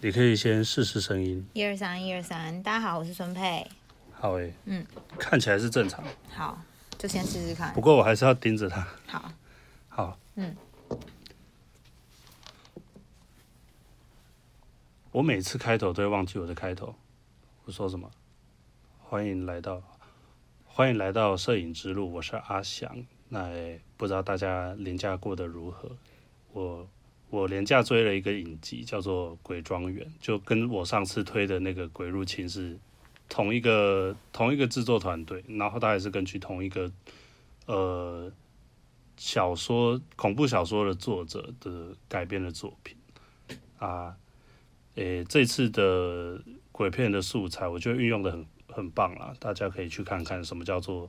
你可以先試試聲音。一二三，一二三，大家好，我是孫沛。好誒。嗯。看起來是正常。好，就先試試看。不過我還是要盯着他。好。好。嗯。我每次開頭都會忘記我的開頭，我說什麼？歡迎來到，歡迎來到攝影之路，我是阿翔。那不知道大家年假過得如何？我。我連假追了一個影集，叫做《鬼莊園》，就跟我上次推的那個《鬼入侵》是同一個同一個製作團隊，然後大概是根據同一個呃小說恐怖小說的作者的改編的作品啊。誒、欸，這次的鬼片的素材，我覺得運用的很很棒啦，大家可以去看看什麼叫做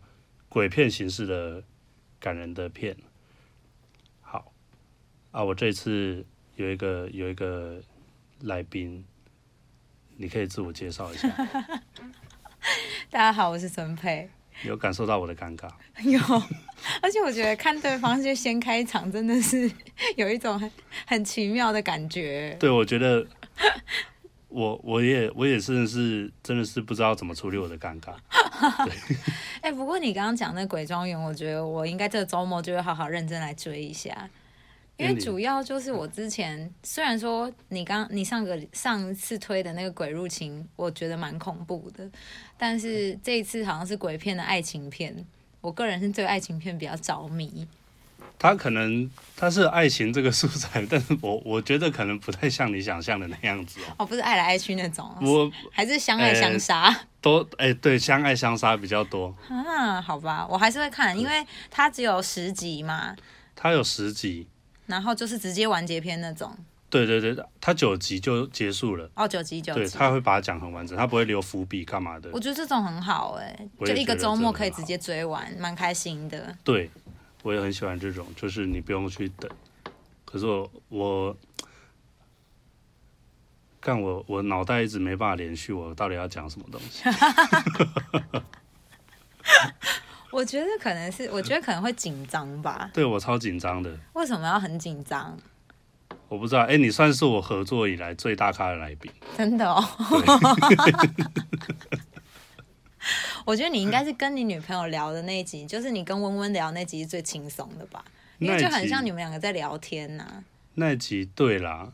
鬼片形式的感人的片。啊，我這次有一個有一個來賓，你可以自我介紹一下。 大家好，我是孫沛，有感受到我的尷尬。有，而且我覺得看對方就先開場， 真的是有一種很很奇妙的感覺。對，我覺得我我也我也真的是是真的是不知道怎麼處理我的尷尬。哎 欸，不過你剛剛講那鬼莊園，我覺得我應該這個周末就會好好認真來追一下。因為主要就是我之前、嗯、雖然說你剛你上個上一次推的那個鬼入侵，我覺得蠻恐怖的，但是這一次好像是鬼片的愛情片，我個人是對愛情片比較着迷。他可能他是愛情這個素材，但是我我覺得可能不太像你想象的那樣子、啊、哦。不是愛來愛去那種，我還是相愛相殺、欸。都哎、欸、對，相愛相殺比較多。哈、啊，好吧，我還是會看，因為它只有十集嘛。它有十集。然後就是直接完結篇那種，對對對，他九集就結束了。哦，九集九集，他會把它講很完整，他不會留伏筆幹嘛的。我覺得這種很好哎，就一個周末可以直接追完，蠻開心的。對，我也很喜歡這種，就是你不用去等。可是我我，幹我我腦袋一直沒辦法連續，我到底要講什麼東西？ 我覺得可能是，我覺得可能會緊張吧。對，我超緊張的。為什麼要很緊張？我不知道。哎、欸，你算是我合作以來最大咖的來賓。真的哦。 我覺得你應該是跟你女朋友聊的那集，就是你跟溫溫聊那集是最輕鬆的吧？因為就很像你們兩個在聊天吶、啊。那一集對啦，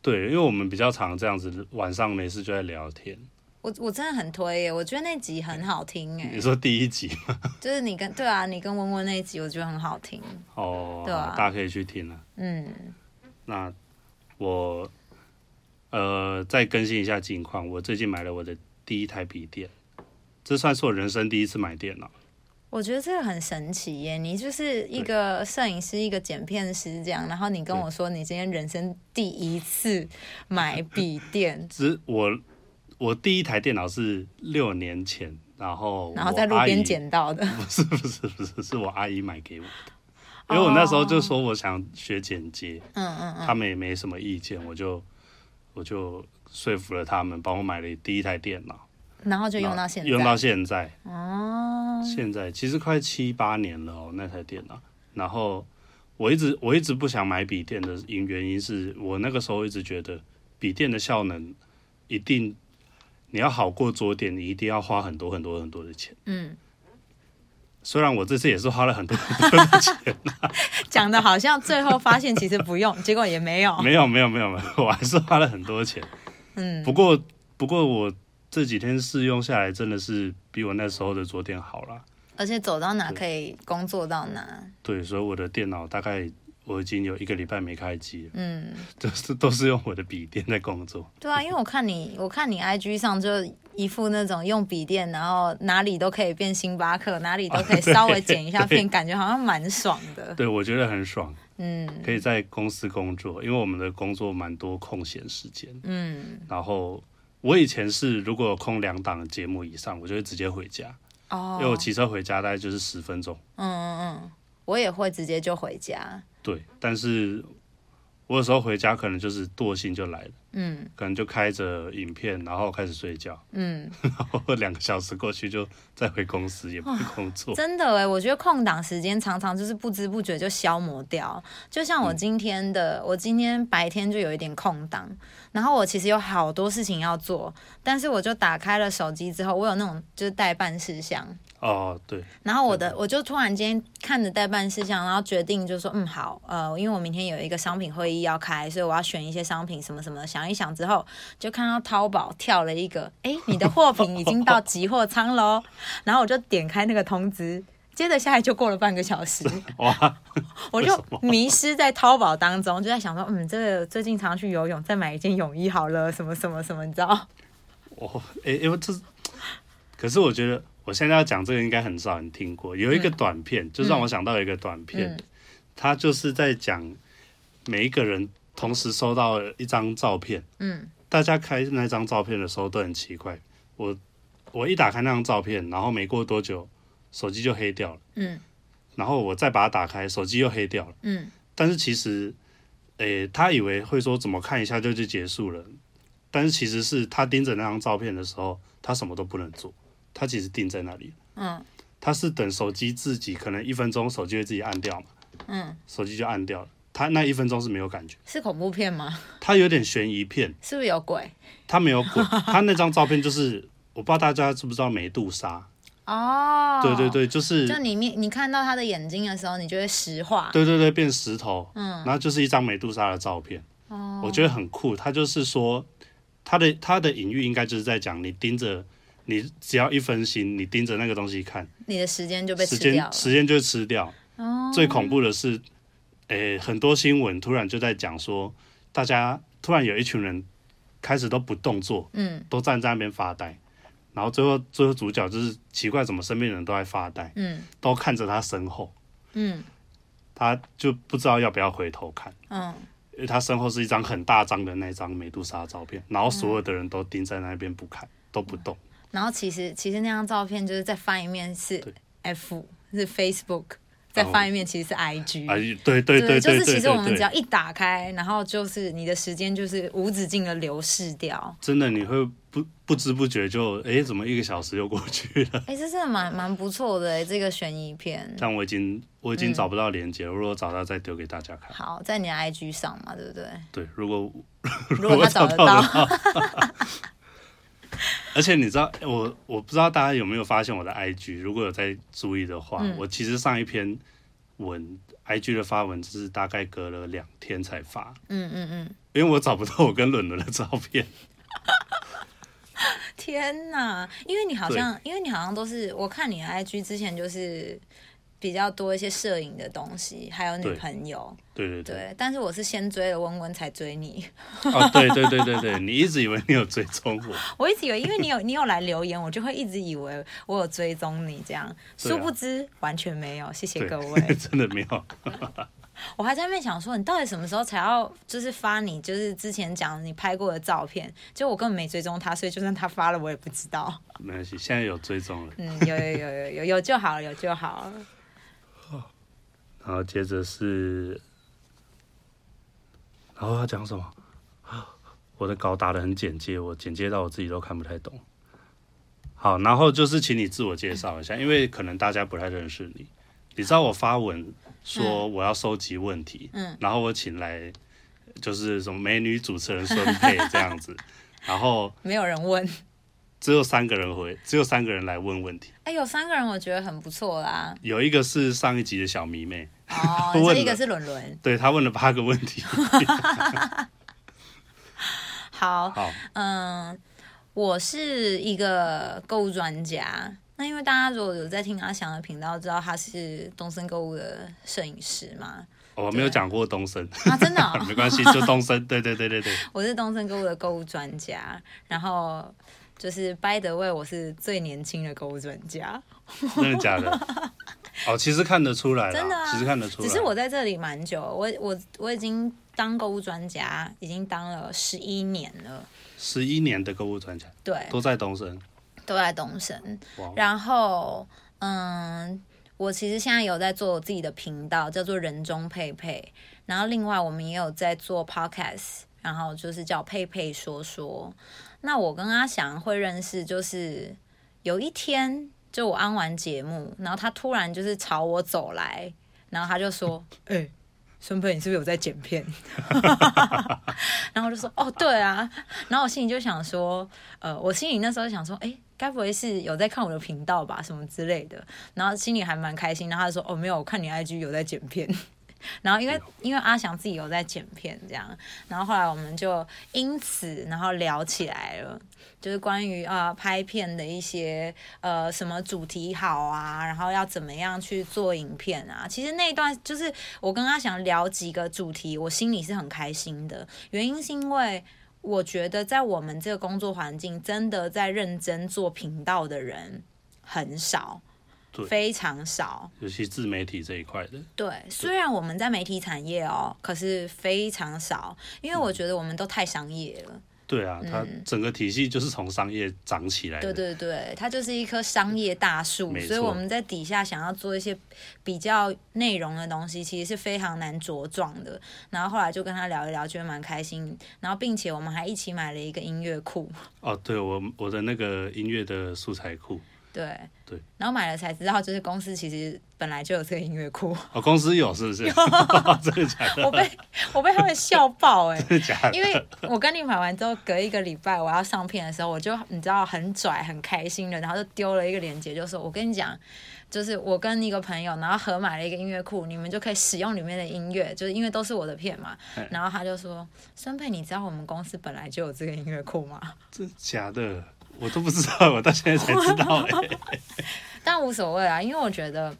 對，因為我們比較常這樣子，晚上沒事就在聊天。我我真的很推耶，我覺得那集很好聽耶。你說第一集？就是你跟對啊，你跟溫溫那一集，我覺得很好聽。哦，對啊，大家可以去聽啊。嗯，那我呃再更新一下近況。我最近買了我的第一台筆電，這算是我人生第一次買電腦。我覺得這個很神奇耶！你就是一個攝影師，一個剪片師這樣，然後你跟我說你今天人生第一次買筆電， 只我。我第一台電腦是六年前，然後然後在路邊撿到的。不是不是不是，是我阿姨買給我的。 oh, 因為我那時候就說我想學剪輯，嗯嗯嗯，他們也沒什麼意見，我就我就說服了他們，幫我買了第一台電腦。然後就用到現在，用到現在哦。現在其實快七八年了哦，那台電腦。然後我一直我一直不想買筆電的原，原因是我那個時候一直覺得筆電的效能一定。你要好過桌電，你一定要花很多很多很多的錢。嗯，雖然我這次也是花了很多很多的錢，啊，講 的好像最後發現其實不用， 結果也沒有，沒有沒有沒有沒有我還是花了很多錢。嗯，不過不過我這幾天試用下來，真的是比我那時候的桌電好了，而且走到哪可以工作到哪。對。對，所以我的電腦大概。我已經有一個禮拜沒開機了，嗯，都是都是用我的筆電在工作。對啊，因為我看你，我看你 IG 上就一副那種用筆電，然後哪裡都可以變星巴克，哪裡都可以稍微剪一下片，哦、感覺好像蠻爽的。對，我覺得很爽。嗯，可以在公司工作，因為我們的工作蠻多空閒時間。嗯，然後我以前是如果空兩檔節目以上，我就會直接回家。哦，因為我騎車回家大概就是十分鐘。嗯嗯嗯，我也會直接就回家。對，但是我有時候回家可能就是惰性就來了。嗯，可能就開着影片，然後開始睡覺。嗯，然後兩個小時過去就再回公司也不工作。真的哎、欸，我覺得空檔時間常常就是不知不覺就消磨掉。就像我今天的、嗯，我今天白天就有一點空檔，然後我其實有好多事情要做，但是我就打開了手機之後，我有那種就是待辦事項。哦，對。然後我的我就突然間看着待辦事項，然後決定就說，嗯，好，呃，因為我明天有一個商品會議要開，所以我要選一些商品什麼什麼的想。想一想之後，就看到淘寶跳了一個，哎、欸，你的貨品已經到集貨倉嘍。 然後我就點開那個通知，接着下來就過了半個小時。哇！我就迷失在淘寶當中，就在想說，嗯，這個最近常常去游泳，再買一件泳衣好了，什麼什麼什麼，你知道？哦、欸，哎、欸，因為這，可是我覺得我現在要講這個應該很少人聽過。有一個短片，嗯、就讓我想到一個短片，他、嗯、就是在講每一個人。同時收到一張照片，嗯，大家開那張照片的時候都很奇怪。我我一打開那張照片，然後沒過多久，手機就黑掉了，嗯，然後我再把它打開，手機又黑掉了，嗯。但是其實，欸，他以為會說怎麼看一下就就結束了，但是其實是他盯着那張照片的時候，他什麼都不能做，他其實定在那裡，嗯，他是等手機自己，可能一分鐘手機會自己按掉嘛，嗯，手機就按掉了。他那一分鐘是沒有感覺，是恐怖片嗎？他有點懸疑片，是不是有鬼？他沒有鬼，他 那張照片就是，我不知道大家知不知道美杜莎哦，對對對，就是就你面你看到他的眼睛的時候，你就會石化，對對對，變石頭，嗯，然後就是一張美杜莎的照片，哦，我覺得很酷。他就是說他的他的隱喻應該就是在講你盯着你只要一分心，你盯着那個東西看，你的時間就被吃掉時間時間就會吃掉哦。最恐怖的是。誒、欸，很多新聞突然就在講說，大家突然有一群人開始都不動作，嗯，都站在那邊發呆，然後最後最後主角就是奇怪，怎麼身邊的人都在發呆，嗯，都看着他身後，嗯，他就不知道要不要回頭看，嗯，因為他身後是一張很大張的那張美杜莎照片，然後所有的人都盯在那邊不看、嗯，都不動，嗯、然後其實其實那張照片就是再翻一面是 F，是 Facebook。在翻一面其實是 IG，、oh, 對,對,對對對，就是其實我們只要一打開，對對對對對然後就是你的時間就是無止境的流逝掉。真的，你會不不知不覺就哎，怎麼一個小時又過去了？哎，這是蠻蠻不錯的哎，這個懸疑片。但我已經我已經找不到鏈接、嗯、我如果找到再丟給大家看。好，在你的 IG 上嘛，對不對？對，如果如果,如果他找得到。 而且你知道我，我不知道大家有沒有發現我的 IG，如果有在注意的話、嗯，我其實上一篇文 IG 的發文只是大概隔了兩天才發。嗯嗯嗯，因為我找不到我跟倫倫的照片。天哪，因為你好像，因為你好像都是，我看你 IG 之前就是。比較多一些攝影的東西，還有女朋友，對對對，對，對。但是我是先追了溫溫，才追你。啊、 oh,，對對對對對，你一直以為你有追蹤我， 我一直以為，因為你有你有來留言，我就會一直以為我有追蹤你這樣。啊、殊不知完全沒有，謝謝各位。真的沒有。 我還在那邊想說，你到底什麼時候才要就是發你就是之前講你拍過的照片？就我根本沒追蹤他，所以就算他發了，我也不知道。 沒關係，現在有追蹤了。 嗯，有有有有有有就好了，有就好了。然後接着是，然後要講什麼？我的稿打得很簡介，我簡介到我自己都看不太懂。好，然後就是請你自我介紹一下，因為可能大家不太認識你。你知道我發文說我要收集問題，嗯，然後我請來就是什麼美女主持人孫沛這樣子，然後沒有人問。只有三個人回，只有三個人來問問題。哎、欸，有三個人，我覺得很不錯啦。有一個是上一集的小迷妹，哦、 這一個是倫倫，對，他問了八個問題。 好，好，嗯，我是一個購物專家。那因為大家如果有在聽阿翔的頻道，知道他是東森購物的攝影師嘛？哦，我沒有講過東森。啊，真的、哦、 沒關係，就東森。 對，對對對對對，我是東森購物的購物專家，然後。就是 by the way，我是最年輕的購物專家， 真的假的？哦、oh，其實看得出來了，真的、啊，其實看得出來。只是我在這裡蠻久，我我我已經當購物專家，已經當了十一年了。十一年的購物專家，對，都在東森，都在東森、wow。然後，嗯，我其實現在有在做我自己的頻道，叫做人中沛沛。然後，另外我們也有在做 podcast，然後就是叫沛沛說說。那我跟阿翔會認識，就是有一天，就我安完節目，然後他突然就是朝我走來，然後他就說：“哎、 欸，孫沛，你是不是有在剪片？” 然後我就說：“哦，對啊。”然後我心裡就想說：“呃，我心裡那時候想說，哎、欸，該不會是有在看我的頻道吧，什麼之類的？”然後心裡還蠻開心。然後他就說：“哦，沒有，我看你 IG 有在剪片。”然後因為因為阿翔自己有在剪片這樣，然後後來我們就因此然後聊起來了，就是關於啊拍片的一些呃什麼主題好啊，然後要怎麼樣去做影片啊。其實那一段就是我跟阿翔聊幾個主題，我心裡是很開心的，原因是因為我覺得在我們這個工作環境，真的在認真做頻道的人很少。非常少，尤其自媒體這一塊的對。對，雖然我們在媒體產業哦，可是非常少，因為我覺得我們都太商業了。嗯、對啊、嗯，它整個體系就是從商業長起來的。對對對，它就是一棵商業大樹，所以我們在底下想要做一些比較內容的東西，其實是非常難茁壯的。然後後來就跟他聊一聊，覺得蠻開心。然後並且我們還一起買了一個音樂庫。哦，對我我的那個音樂的素材庫。對對，然後買了才知道，就是公司其實本來就有這個音樂庫。哦，公司有是不是？ 有 真的假的？ 我被我被他們笑爆哎、欸！ 真的假的？因為我跟你買完之後，隔一個禮拜我要上片的時候，我就你知道很拽很開心的，然後就丟了一個鏈接，就說我跟你講，就是我跟一個朋友然後合買了一個音樂庫，你們就可以使用裡面的音樂，就是因為都是我的片嘛。然後他就說：“孫沛，你知道我們公司本來就有這個音樂庫嗎？”真假的？我都不知道，我到現在才知道、欸、 但無所謂啊，因為我覺得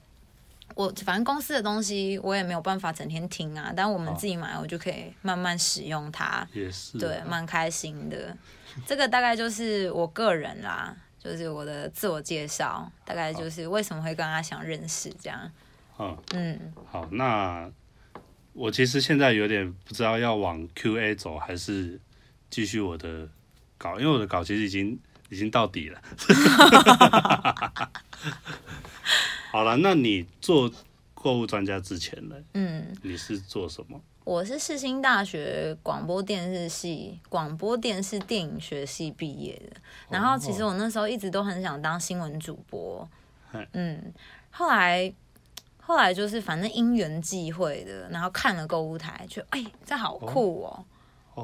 我反正公司的東西我也沒有辦法整天聽啊。但我們自己買，我就可以慢慢使用它。也是、啊、對，蠻開心的。這個大概就是我個人啦，就是我的自我介紹，大概就是為什麼會跟他想認識這樣。嗯嗯，好，那我其實現在有點不知道要往 Q&A 走，還是繼續我的稿，因為我的稿其實已經。已經到底了 好了，那你做購物專家之前呢？嗯，你是做什麼？我是世新大學廣播電視系、廣播電視電影學系畢業的。然後，其實我那時候一直都很想當新聞主播、哦哦。嗯，後來，後來就是反正因緣際會的，然後看了購物台，就哎、欸，這好酷哦。哦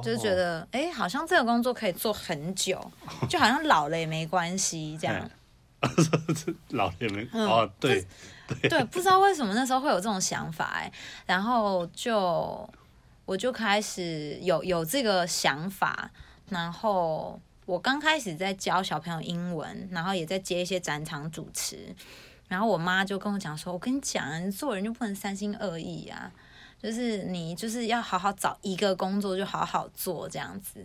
就覺得誒、欸、好像這個工作可以做很久，就好像老了也沒關係這樣。 老了也沒哦、嗯，對對，對，不知道為什麼那時候會有這種想法、欸、然後就我就開始有有這個想法，然後我剛開始在教小朋友英文，然後也在接一些展場主持，然後我媽就跟我講說，我跟你講、啊，你做人就不能三心二意啊。就是你就是要好好找一個工作，就好好做這樣子。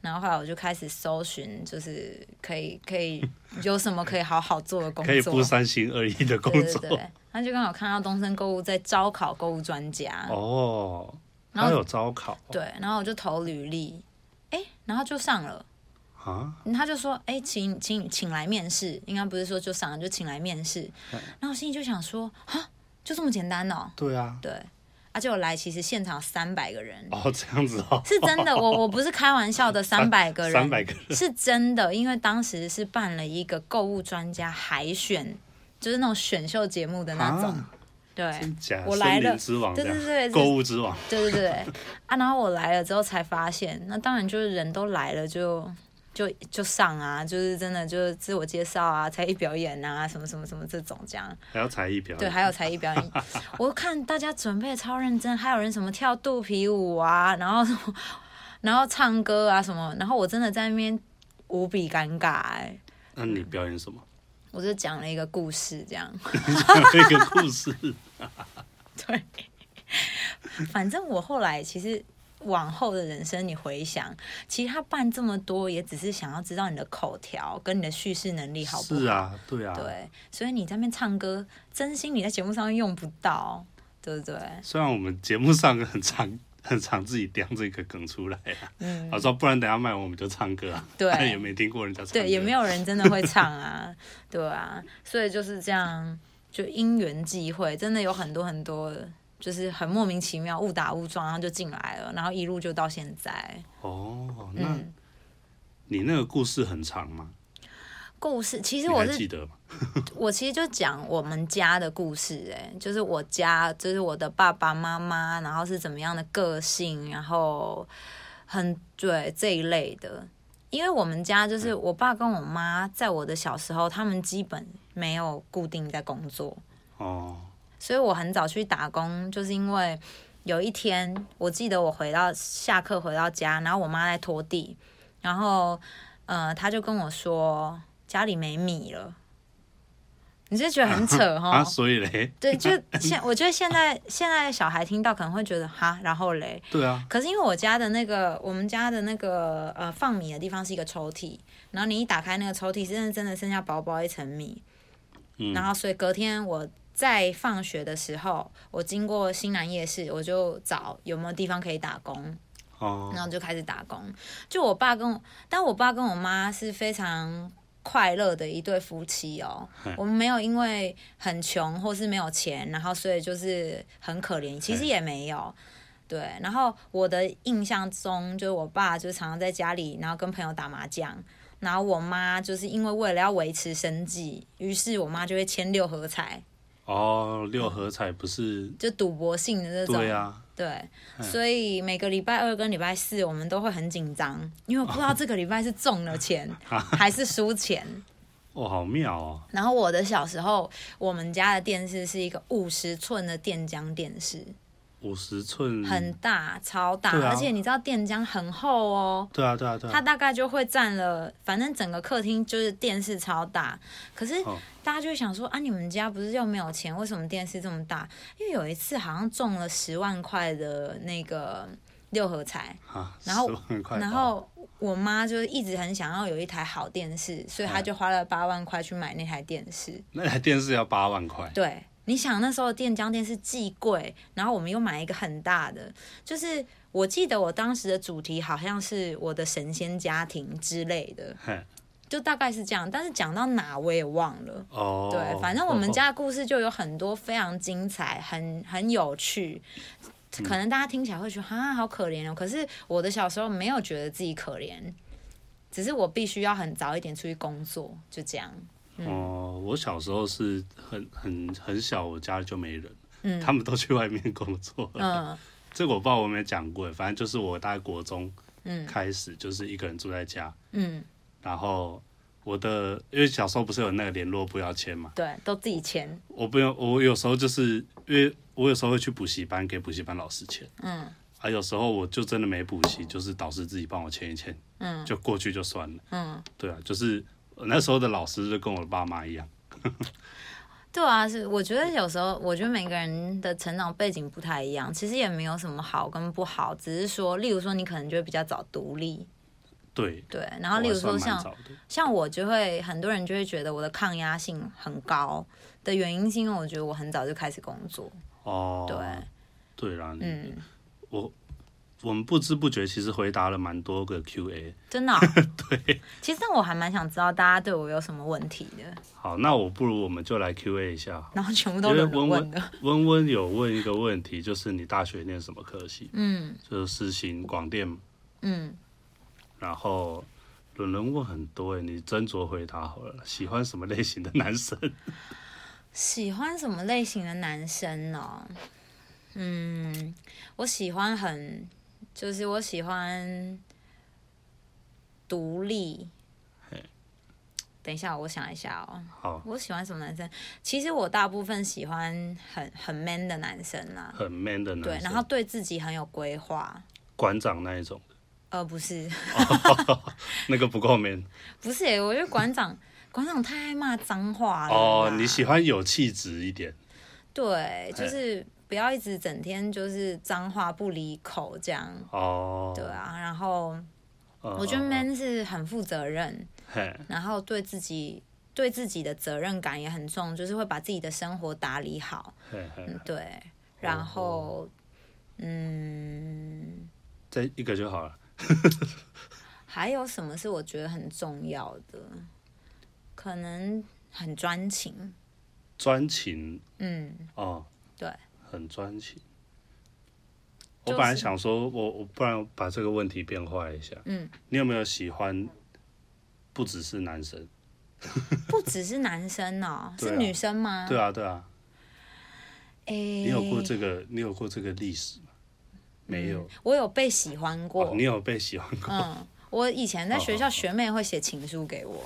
然後後來我就開始搜尋，就是可以可以有什麼可以好好做的工作， 可以不三心二意的工作。對對對。他就剛好看到東森購物在招考購物專家哦，他。然後有招考。對，然後我就投履歷，哎、欸，然後就上了。啊？他就說，哎、欸，請請請來面試，應該不是說就上了就請來面試。然後我心裡就想說，啊，就這麼簡單哦、喔。對啊，對。他、啊、就我來，其實現場三百個人哦，這樣子哦，是真的，我我不是開玩笑的、啊，三百個人，三百個人是真的，因為當時是辦了一個購物專家海選，就是那種選秀節目的那種，啊、對，我來了，之對對對，購物之王，對對對， 啊，然後我來了之後才發現，那當然就是人都來了就。就就上啊，就是真的，就是自我介紹啊，才藝表演啊，什麼什麼什麼這種這樣。還要才藝表演？對，還有才藝表演。 我看大家準備超認真，還有人什麼跳肚皮舞啊，然後什麼，然後唱歌啊什麼，然後我真的在那邊無比尷尬哎、欸。那你表演什麼？嗯、我就講了， 了一個故事，這樣。講了一個故事。對，反正我後來其實。往後的人生，你回想，其實他辦這麼多，也只是想要知道你的口條跟你的敘事能力好不好？是啊，對啊，對。所以你在那邊唱歌，真心你在節目上用不到，對不對？雖然我們節目上很常很常，自己叼這個梗出來、啊，嗯，他說不然等下賣完我們就唱歌啊，對，也沒聽過人家唱歌，對，也沒有人真的會唱啊， 對啊，所以就是這樣，就因緣際會，真的有很多很多就是很莫名其妙，誤打誤撞，然後就進來了，然後一路就到現在。哦，那、嗯、你那個故事很長嗎？故事其實我是，你還記得嗎， 我其實就講我們家的故事、欸，哎，就是我家，就是我的爸爸媽媽，然後是怎麼樣的個性，然後很對這一類的。因為我們家就是、嗯、我爸跟我媽，在我的小時候，他們基本沒有固定在工作。哦。所以我很早去打工，就是因為有一天，我記得我回到下課回到家，然後我媽在拖地，然後呃，她就跟我說家裡沒米了。你就覺得很扯哈？啊，所以嘞？對，就現我覺得現在現在小孩聽到可能會覺得哈，然後嘞，對啊。可是因為我家的那個我們家的那個呃放米的地方是一個抽屜，然後你一打開那個抽屜，真的真的剩下薄薄一層米，嗯，然後所以隔天我。在放學的時候，我經過新南夜市，我就找有沒有地方可以打工，oh. 然後就開始打工。就我爸跟我，但我爸跟我媽是非常快樂的一對夫妻哦。Hey. 我們沒有因為很窮或是沒有錢，然後所以就是很可憐，其實也沒有。Hey. 對，然後我的印象中，就是我爸就常常在家裡，然後跟朋友打麻將，然後我媽就是因為為了要維持生計，於是我媽就會簽六合彩。哦，六合彩不是就賭博性的這種，對啊，對，嗯、所以每個禮拜二跟禮拜四我們都會很緊張、嗯，因為我不知道這個禮拜是中了錢、哦、還是輸錢。哦，好妙哦！然後我的小時候，我們家的電視是一個五十寸的電漿電視。五十寸很大，超大，啊、而且你知道電漿很厚哦。對啊，對啊，對啊。它大概就會占了，反正整個客廳就是電視超大。可是大家就想說、哦、啊，你們家不是又沒有錢，為什麼電視這麼大？因為有一次好像中了十萬塊的那個六合彩。啊，然後十萬塊，然後我媽就是一直很想要有一台好電視，所以她就花了八萬塊去買那台電視、欸。那台電視要八萬塊？對。你想那時候墊江店,店是既貴，然後我們又買了一個很大的，就是我記得我當時的主題好像是我的神仙家庭之類的，就大概是這樣。但是講到哪我也忘了。哦、oh,，對，反正我們家的故事就有很多非常精彩，很很有趣。可能大家聽起來會覺得啊好可憐哦，可是我的小時候沒有覺得自己可憐，只是我必須要很早一點出去工作，就這樣。哦，我小時候是很很很小，我家就沒人，嗯、他們都去外面工作了，了、嗯。這個我不知道，我沒講過，反正就是我大概國中，開始就是一個人住在家，嗯、然後我的因為小時候不是有那個聯絡簿要簽嘛，對，都自己簽，我不用，我有時候就是因為我有時候會去補習班給補習班老師簽，嗯，還有時候我就真的沒補習，就是導師自己幫我簽一簽，嗯，就過去就算了，嗯，對啊，就是。那時候的老師就跟我爸媽一樣，對啊，是我覺得有時候，我覺得每個人的成長背景不太一樣，其實也沒有什麼好跟不好，只是說，例如說你可能就會比較早獨立，對對，然後例如說像我像我就會很多人就會覺得我的抗壓性很高的原因是因為我覺得我很早就開始工作哦，對對啊，嗯，我。我們不知不覺其實回答了蠻多個 Q&A，真的，喔。 對，其實我還蠻想知道大家對我有什麼問題的。好，那我不如我們就來 Q&A 一下，然後全部都問輪問的。溫溫 有問一個問題，就是你大學念什麼科系？嗯，就是視聽廣電。嗯。然後輪輪問很多哎、欸，你斟酌回答好了。喜歡什麼類型的男生？ 喜歡什麼類型的男生呢，喔？嗯，我喜歡很。就是我喜歡獨立。等一下，我想一下哦。好，我喜歡什麼男生？其實我大部分喜歡很很 man 的男生啦，很 man 的男。對，然後對自己很有規劃。館長那一種？呃，不是，oh, 那個不夠 man。不是，我覺得館長館長 太愛罵髒話了。哦，你喜歡有氣質一點。對，就是。不要一直整天就是髒話不離口這樣哦，oh. 對啊。然後我覺得 man oh, oh, oh. 是很負責任，hey. 然後對自己對自己的責任感也很重，就是會把自己的生活打理好，hey, hey, hey. 對。然後 oh, oh. 嗯，這一個就好了。 還有什麼是我覺得很重要的？可能很專情，專情，嗯，哦，oh。對。很專情。我本來想說，我我不然把這個問題變化一下。嗯，你有沒有喜歡不只是男生？不只是男生哦，啊、是女生嗎？對啊對啊。哎、欸，你有過這個？你有過這個歷史嗎？沒有、嗯。我有被喜歡過、哦。你有被喜歡過？嗯，我以前在學校，學妹會寫情書給我。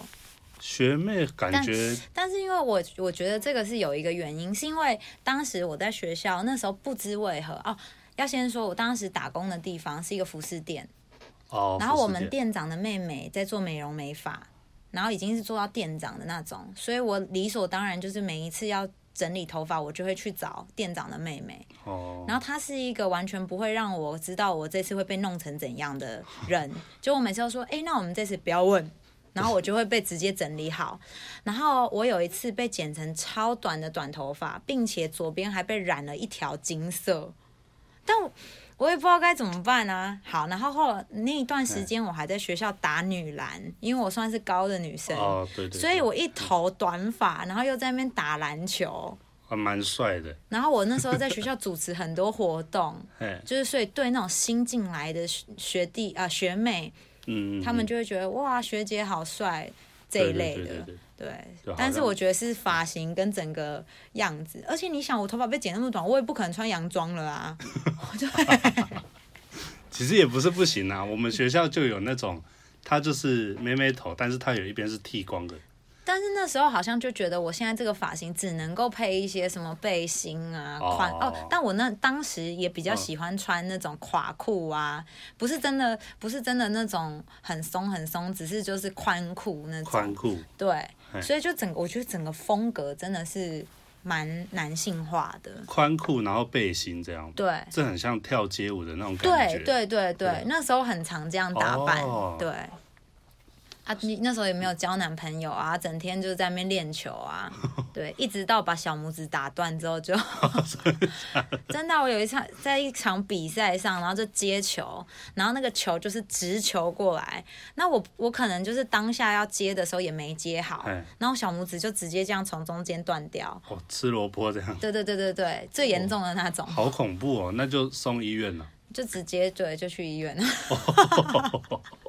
學妹感覺但，但是因為我我覺得這個是有一個原因，是因為當時我在學校那時候不知為何哦，要先說，我當時打工的地方是一個服飾店哦，然後我們店長的妹妹在做美容美髮，然後已經是做到店長的那種，所以我理所當然就是每一次要整理頭髮，我就會去找店長的妹妹哦，然後她是一個完全不會讓我知道我這次會被弄成怎樣的人， 就我每次都說，哎、欸，那我們這次不要問。 然後我就會被直接整理好，然後我有一次被剪成超短的短頭髮，並且左邊還被染了一條金色，但我也不知道該怎麼辦啊。好，然後後來那一段時間我還在學校打女籃，因為我算是高的女生，哦對對，所以我一頭短髮，然後又在那邊打籃球，還蠻帥的。然後我那時候在學校主持很多活動，就是所以對那種新進來的學弟啊學妹。嗯、他們就會覺得哇，學姐好帥這一類的，對，對，對，對，對。但是我覺得是髮型跟整個樣子，而且你想，我頭髮被剪那麼短，我也不可能穿洋裝了啦、啊。我 就對， 其實也不是不行啊。我們學校就有那種，他就是妹妹頭，但是他有一邊是剃光的。但是那時候好像就覺得我現在這個髮型只能夠配一些什麼背心啊寬哦，哦，但我那當時也比較喜歡穿那種垮褲啊、哦，不是真的，不是真的那種很鬆很鬆，只是就是寬褲那種寬褲，對，所以就整我覺得整個風格真的是蠻男性化的，寬褲然後背心這樣對，這很像跳街舞的那種感覺，對對對對，對啊、那時候很常這樣打扮、哦、對。啊，你那時候也沒有交男朋友啊，整天就在那邊練球啊，對，一直到把小拇指打斷之後就， 真的、啊，我有一場在一場比賽上，然後就接球，然後那個球就是直球過來，那我我可能就是當下要接的時候也沒接好，然後小拇指就直接這樣從中間斷掉，哦，吃蘿蔔這樣，對對對對對，最嚴重的那種、哦，好恐怖哦，那就送醫院了，就直接對，就去醫院了。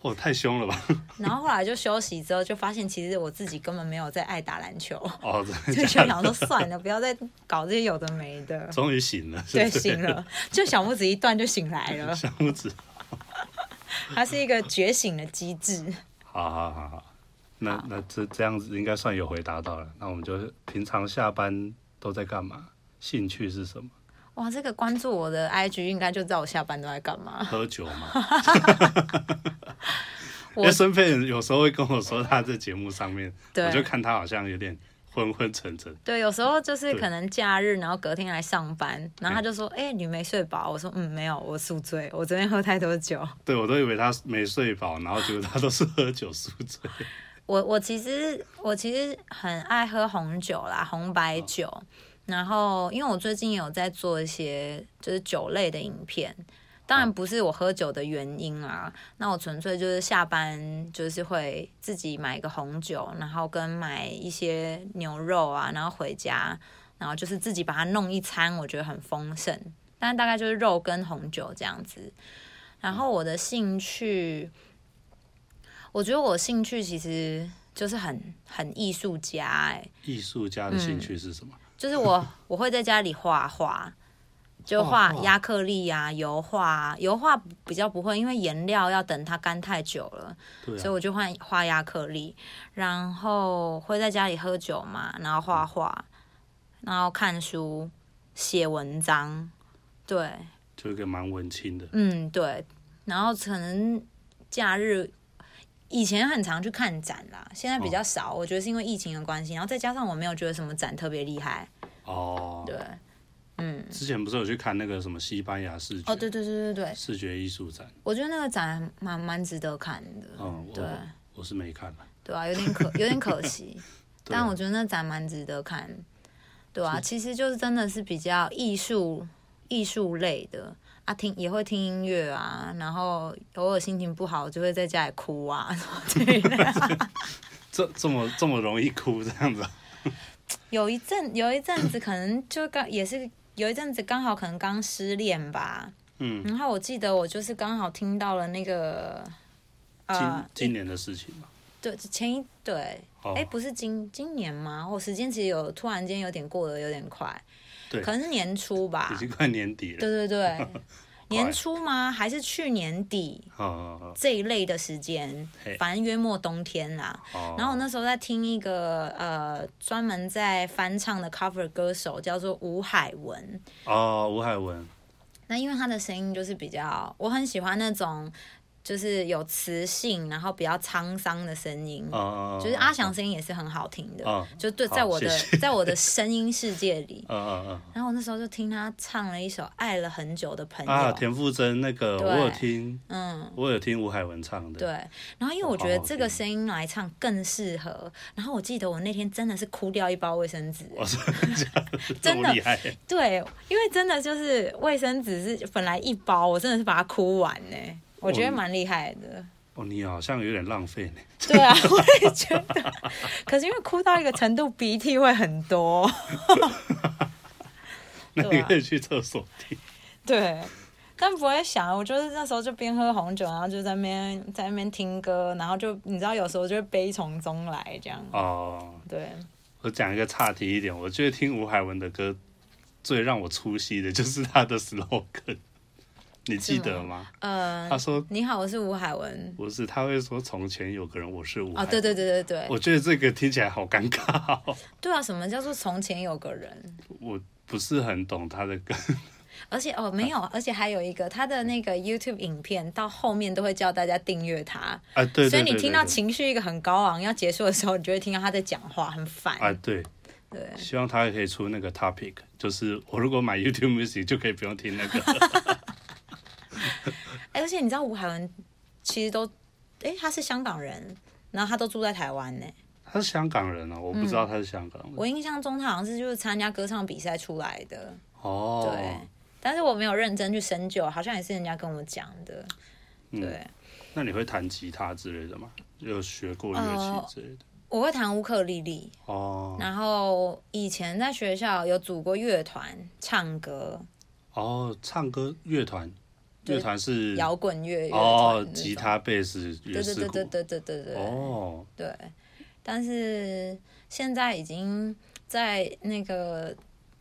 哦，太凶了吧！然後後來就休息之後，就發現其實我自己根本沒有在愛打籃球。哦，就就想說算了，不要再搞這些有的沒的。終於醒了，對，醒了，就小拇指一斷就醒來了。小拇指，它 是一個覺醒的機制。好好好，好，那好那這這樣子應該算有回答到了。那我們就平常下班都在幹嘛？興趣是什麼？哇，這個關注我的 IG 應該就知道我下班都在幹嘛。喝酒嘛。 我孫沛有時候會跟我說他在節目上面，我就看他好像有點昏昏沉沉。對，有時候就是可能假日，然後隔天來上班，然後他就說：“哎、欸欸，你沒睡飽？”我說：“嗯，沒有，我宿醉，我昨天喝太多酒。”對，我都以為他沒睡飽，然後覺得他都是喝酒宿醉。 我我其實我其實很愛喝紅酒啦，紅白酒。哦然後，因為我最近有在做一些就是酒類的影片，當然不是我喝酒的原因啊、哦。那我純粹就是下班就是會自己買一個紅酒，然後跟買一些牛肉啊，然後回家，然後就是自己把它弄一餐，我覺得很豐盛。但大概就是肉跟紅酒這樣子。然後我的興趣，我覺得我興趣其實就是很很藝術家哎、欸。藝術家的興趣是什麼？嗯就是我，我會在家裡畫畫，就畫亞克力啊，oh, oh. 油畫。油畫比較不會，因為顏料要等它乾太久了對、啊，所以我就換畫亞克力。然後會在家裡喝酒嘛，然後畫畫，oh. 然後看書、寫文章，對。就一個蠻文青的。嗯，對。然後可能假日。以前很常去看展啦，現在比較少，哦。我覺得是因為疫情的關係，然後再加上我沒有覺得什麼展特別厲害。哦，對，嗯。之前不是有去看那個什麼西班牙視覺？哦，對對對對對，視覺藝術展。我覺得那個展蠻蠻值得看的。嗯，對，我是沒看。對啊，有點可有點可惜， 但我覺得那展蠻值得看。對啊，其實就是真的是比較藝術藝術類的。啊，聽也會聽音樂啊，然後偶爾心情不好就會在家裡哭啊。這 這麼這麼容易哭這樣子？有一陣有一陣子，可能就剛也是有一陣子剛好可能剛失戀吧。嗯。然後我記得我就是剛好聽到了那個啊、呃，今年的事情嗎？對，前一對，哎、哦，欸、不是今今年嗎？我時間其實有突然間有點過得有點快。可能是年初吧，已經快年底了。對對對， 年初嗎？還是去年底？哦 這一類的時間， 反正約莫冬天啦、啊。 然後我那時候在聽一個呃，專門在翻唱的 cover 歌手，叫做吳海文。哦，吳海文。那因為他的聲音就是比較，我很喜歡那種。就是有磁性，然後比較滄桑的聲音，就是阿翔聲音也是很好聽的，就對，在我的，在我的聲音世界裡，然後我那時候就聽他唱了一首《愛了很久的朋友》啊，田馥甄那個，我有聽，嗯，我有聽吳海文唱的。對，然後因為我覺得這個聲音來唱更適合，然後我記得我那天真的是哭掉一包衛生紙，真的，真的，對，因為真的就是衛生紙是本來一包，我真的是把它哭完呢。我，我覺得蠻厲害的哦。哦，你好像有點浪費。對啊，我也覺得。 可是因為哭到一個程度， 鼻涕會很多。 那你可以去廁所聽對、啊。對，但不會想，我就是那時候就邊喝紅酒，然後就在那邊在那邊聽歌，然後就你知道，有時候就會悲從中來這樣。哦。對。我講一個岔題一點，我覺得聽吳海文的歌，最讓我出戲的就是他的 slogan。你記得嗎？嗯，呃，他說：“你好，我是吳海文。”不是，他會說：“從前有個人，我是吳。哦”啊，對對對對對，我覺得這個聽起來好尷尬哦。對啊，什麼叫做“從前有個人”？我不是很懂他的歌。而且哦、啊，沒有，而且還有一個他的那個 YouTube 影片，到後面都會叫大家訂閱他。啊，對對對對對對對。所以你聽到情緒一個很高昂要結束的時候，你就會聽到他在講話，很煩。啊，對。對。希望他也可以出那個 topic，就是我如果買 YouTube Music，就可以不用聽那個。 而且你知道吳海文其實都哎，欸、他是香港人，然後他都住在台灣呢、欸？他是香港人啊、喔，我不知道他是香港人、嗯。我印象中他好像是就是參加歌唱比賽出來的哦。對，但是我沒有認真去深究，好像也是人家跟我講的、嗯。對，那你會彈吉他之類的嗎？有學過樂器之類的？哦、我會彈烏克麗麗哦。然後以前在學校有組過樂團唱歌。哦，唱歌樂團。樂團樂團是搖滾樂團，哦，吉他、貝斯，對對對對對對對對。哦，對，但是現在已經在那個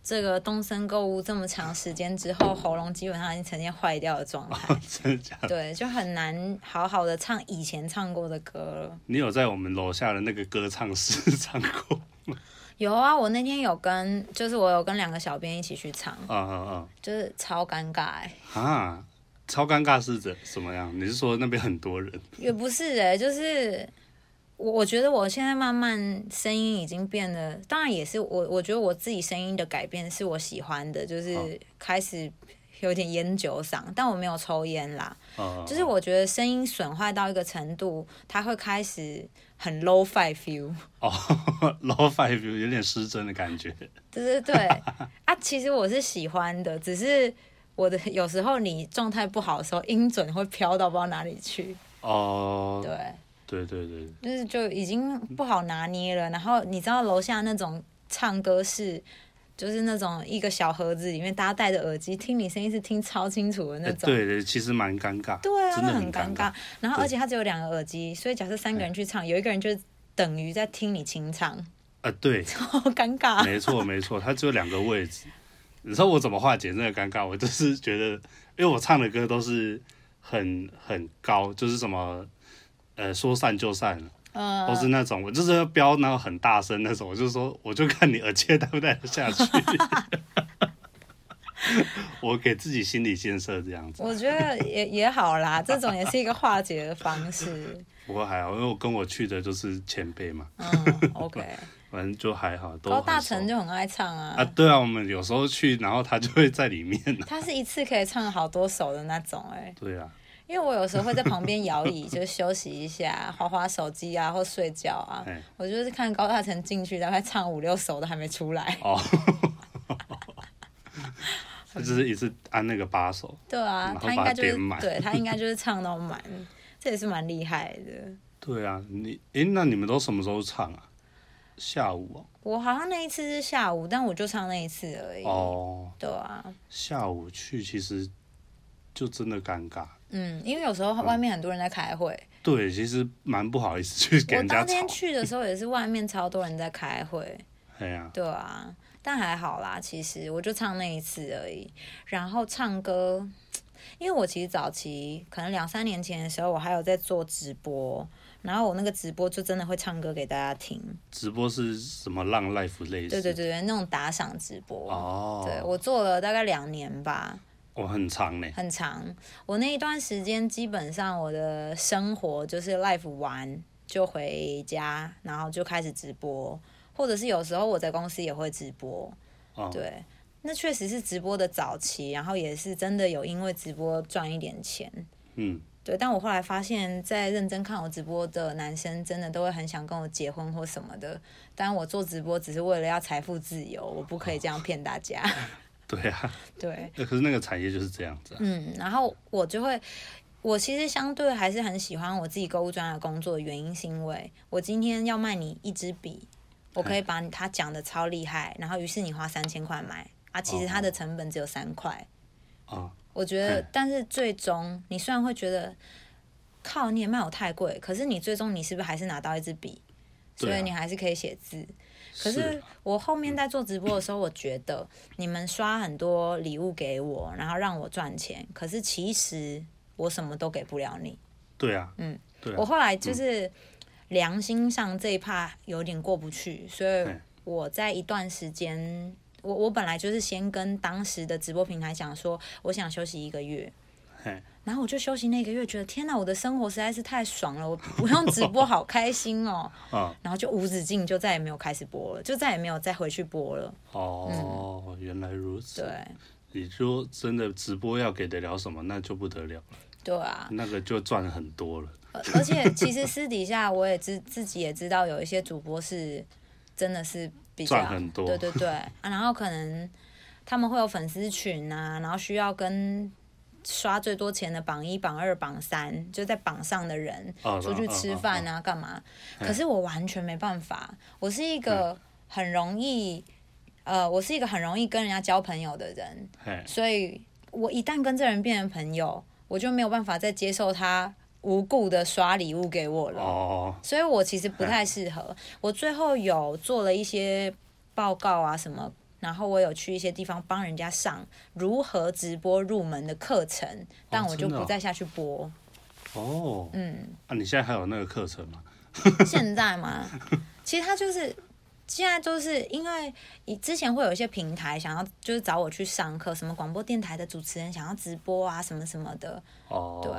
這個東森購物這麼長時間之後，喉嚨基本上已經呈現壞掉的狀態、哦。真的假的？對，就很難好好的唱以前唱過的歌了。你有在我們樓下的那個歌唱室唱過嗎？有啊，我那天有跟就是我有跟兩個小編一起去唱，嗯嗯嗯，就是超尷尬哎、欸、啊。超尷尬是怎什麼樣？你是說那邊很多人？也不是的、欸、就是我我覺得我現在慢慢聲音已經變了，當然也是我我覺得我自己聲音的改變是我喜歡的，就是開始有點菸酒嗓，但我沒有抽菸啦，哦哦哦哦。就是我覺得聲音損壞到一個程度，它會開始很 lo-fi feel、哦、呵呵 lo-fi feel 哦，lo-fi feel 有點失真的感覺。就是、對對對 啊，其實我是喜歡的，只是。我的有時候你狀態不好的時候，音準會飄到不知道哪裡去。哦、呃，對，對對對，就是就已經不好拿捏了。嗯、然後你知道樓下那種唱歌室，就是那種一個小盒子裡面，大家戴着耳機聽你聲音是聽超清楚的那種。欸、對對，其實蠻尷尬。對啊，真的很尷尬。然後而且他只有兩個耳機，所以假設三個人去唱，嗯，有一個人就等於在聽你清唱。呃、欸，對。好尷尬。沒錯沒錯，他只有兩個位置。 你說我怎麼化解那個尷尬？我就是覺得，因為我唱的歌都是很很高，就是什麼，呃，說散就散，都、呃、是那種。我就是要飆然後很大聲那種。我就說，我就看你耳機帶不帶得下去。 我給自己心理建設這樣子。我覺得也也好啦， 這種也是一個化解的方式。不過還好，因為我跟我去的就是前輩嘛。嗯，OK。 反正就還好，高大成就很愛唱啊。啊，對啊，我們有時候去，然後他就會在裡面、啊。他是一次可以唱好多首的那種、欸，哎。對啊。因為我有時候會在旁邊搖椅， 就休息一下，滑滑手機啊，或睡覺啊、欸。我就是看高大成進去，大概唱五六首都還沒出來。哦。 他只是一次按那個八首。對啊，把他，他應該就是 對他應該就是唱到滿，這也是蠻厲害的。對啊，你哎、欸，那你們都什麼時候唱啊？下午啊，我好像那一次是下午，但我就唱那一次而已。哦，對啊。下午去其實就真的尷尬。嗯，因為有時候外面很多人在開會。呃、對，其實蠻不好意思去給人家吵。我當天去的時候也是外面超多人在開會 對啊。對啊，但還好啦。其實我就唱那一次而已。然後唱歌，因為我其實早期可能兩三年前的時候，我還有在做直播。然後我那個直播就真的會唱歌給大家聽。直播是什麼浪 Live 類似的？對對對，那種打賞直播。哦、oh.。對，我做了大概兩年吧。我、oh, 很長嘞，欸。很長。我那一段時間基本上我的生活就是 Live 完就回家，然後就開始直播，或者是有時候我在公司也會直播。哦、oh.。對，那確實是直播的早期，然後也是真的有因為直播賺一點錢。嗯。對，但我後來發現，在認真看我直播的男生，真的都會很想跟我結婚或什麼的。但我做直播只是為了要財富自由，我不可以這樣騙大家。哦、對啊， 對。那可是那個產業就是這樣子，啊。嗯，然後我就會，我其實相對還是很喜歡我自己購物專家的工作，原因是因為我今天要賣你一支筆，我可以把他講得超厲害，然後於是你花三千塊買，啊，其實它的成本只有三塊啊。哦哦我覺得，但是最終，你雖然會覺得靠，你也賣我太貴，可是你最終你是不是還是拿到一支筆？所以你還是可以寫字。可是我後面在做直播的時候，我覺得你們刷很多禮物給我，然後讓我賺錢，可是其實我什麼都給不了你。對啊，嗯，對，我後來就是良心上這一趴有一點過不去，所以我在一段時間。我我本來就是先跟當時的直播平台講說，我想休息一個月，然後我就休息那一個月，覺得天哪，我的生活實在是太爽了，我我不用直播好開心哦，然後就無止境，就再也沒有開始播了，就再也沒有再回去播了。哦，原來如此。對，你說真的直播要給得了什麼，那就不得了了。對啊，那個就賺很多了。而且其實私底下我也知自己也知道，有一些主播是真的是。賺很多，對對對、 啊、然後可能他們會有粉絲群啊，然後需要跟刷最多錢的榜一、榜二、榜三，就在榜上的人出去、oh、吃飯啊，幹、oh、嘛？Oh、可是我完全沒辦法，oh、我是一個很容易，oh、呃，我是一個很容易跟人家交朋友的人，oh、所以我一旦跟這人變成朋友，我就沒有辦法再接受他。無故的刷禮物給我了，所以，我其實不太適合。我最後有做了一些報告啊什麼，然後我有去一些地方幫人家上如何直播入門的課程，但我就不再下去播。哦，嗯，那你現在還有那個課程嗎？現在嘛，其實他就是現在，就是因為之前會有一些平台想要就是找我去上課，什麼廣播電台的主持人想要直播啊什麼什麼的。哦，對。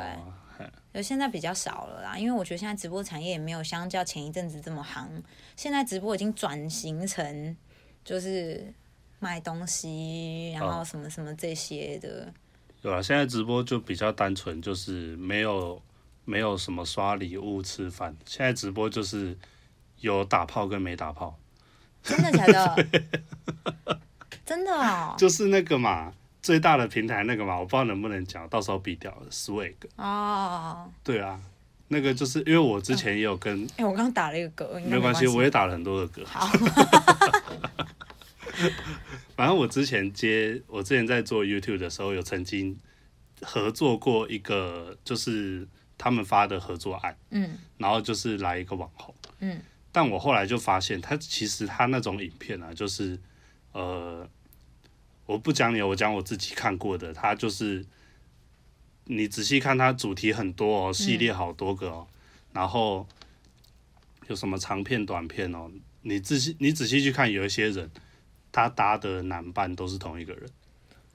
就現在比較少了啦，因為我覺得現在直播產業也沒有相較前一陣子這麼行。現在直播已經轉型成就是賣東西，然後什麼什麼這些的。對、哦、啊，現在直播就比較單純，就是沒有沒有什麼刷禮物吃飯。現在直播就是有打炮跟沒打炮。真的假的？ 對 真的啊、哦，就是那個嘛。最大的平台那個嘛，我不知道能不能講，到時候比掉 Swag。哦。對啊，那個就是因為我之前也有跟，哎、欸，我剛打了一個嗝，沒關係，我也打了很多個嗝。好。 反正我之前接，我之前在做 YouTube 的時候，有曾經合作過一個，就是他們發的合作案、嗯。然後就是來一個網紅。嗯。但我後來就發現他，他其實他那種影片啊，就是呃。我不講你，我講我自己看過的。他就是你仔細看，他主題很多哦，系列好多個哦。嗯、然後有什麼長片、短片哦，你仔細你仔細去看，有一些人他搭的男伴都是同一個人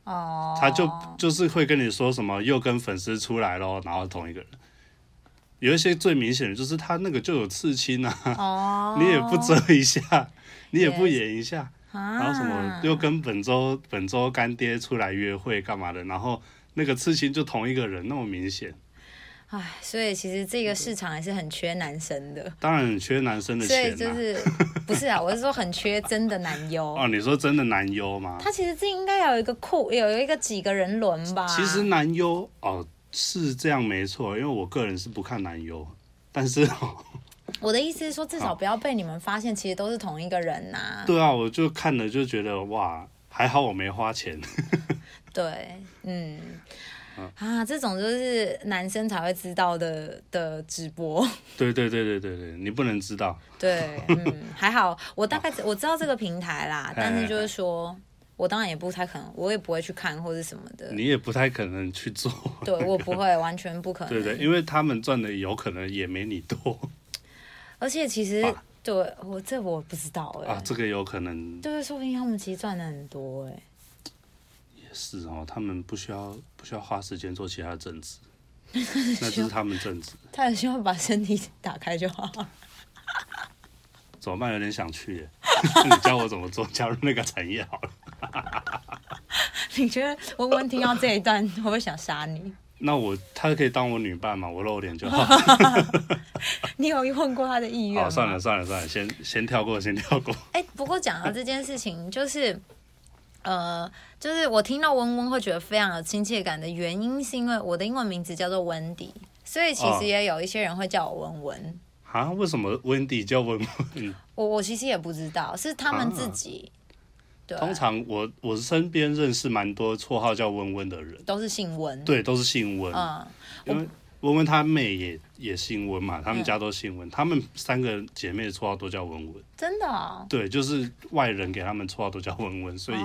哦，他就就是會跟你說什麼又跟粉絲出來嘍，然後同一個人。有一些最明顯的就是他那個就有刺青啊，哦、 你也不遮一下，你也不演一下。哦 啊、然後什麼又跟本周本周乾爹出來約會幹嘛的？然後那個刺青就同一個人，那麼明顯。唉，所以其實這個市場還是很缺男生的。嗯、當然很缺男生的，對，就是不是啊？我是說很缺真的男優。 哦，你說真的男優嗎？他其實這應該要有一個庫，有一個幾個人輪吧。其實男優哦是這樣沒錯，因為我個人是不看男優，但是。哦我的意思是說，至少不要被你們發現，其實都是同一個人吶，啊。對啊，我就看了就覺得哇，還好我沒花錢。 對，嗯，啊，這種就是男生才會知道的的直播。對對對對對對，你不能知道。對，嗯，還好，我大概我知道這個平台啦，但是就是說嘿嘿嘿，我當然也不太可能，我也不會去看或者什麼的。你也不太可能去做，那個。對我不會，完全不可能。對對，對，因為他們賺的有可能也沒你多。而且其實對、啊、我這我不知道哎、欸，啊，這個有可能，就是說不定他們其實賺的很多哎、欸，也是哦，他們不需要不需要花時間做其他正職， 那就是他們正職，他只希望把身體打開就好了。怎麼辦？有點想去， 你教我怎麼做，加入那個產業好了。 你覺得文文聽到這一段會不會想殺你？那我他可以當我女伴嘛？我露臉就好。 你有問過他的意願？好、哦，算了算了算了，先先跳過，先跳過。哎、欸，不過講到這件事情，就是呃，就是我聽到溫溫會覺得非常有親切感的原因，是因為我的英文名字叫做 Wendy，所以其實也有一些人會叫我溫溫，文、哦、啊？為什麼 Wendy 叫溫溫？我我其實也不知道，是他們自己、啊。通常我我身邊認識蠻多綽號叫溫溫的人，都是姓溫。對，都是姓溫。嗯。文文，她妹也也姓溫嘛，他們家都姓溫，嗯，他們三個姐妹的綽號都叫文文，真的啊？哦。對，就是外人給他們綽號都叫文文，所以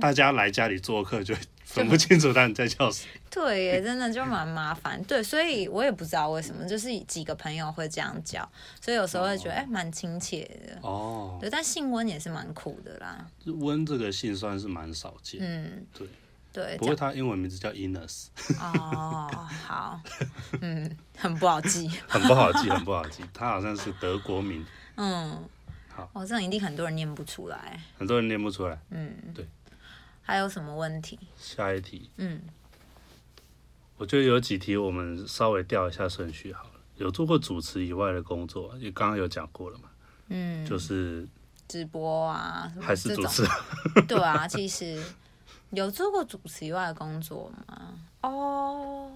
大家來家裡做客就分不清楚他們在叫什麼。 對，真的就蠻麻煩。 對，所以我也不知道為什麼，就是幾個朋友會這樣叫，所以有時候會覺得哎，蠻、哦、親、欸、切的。哦，對，但姓溫也是蠻苦的啦。溫這個姓算是蠻少見。嗯，對。對，不過他英文名字叫 Innes。哦，好，嗯，很不好記，很不好記，很不好記。 他好像是德國名，嗯，好，哦，這樣一定很多人念不出來，很多人念不出來，嗯，對。還有什麼問題？下一題，嗯，我覺得有幾題我們稍微調一下順序好了。有做過主持以外的工作，就剛剛有講過了嘛，嗯，就是直播啊，還是主持？ 對啊，其實。有做過主持以外的工作嗎？哦，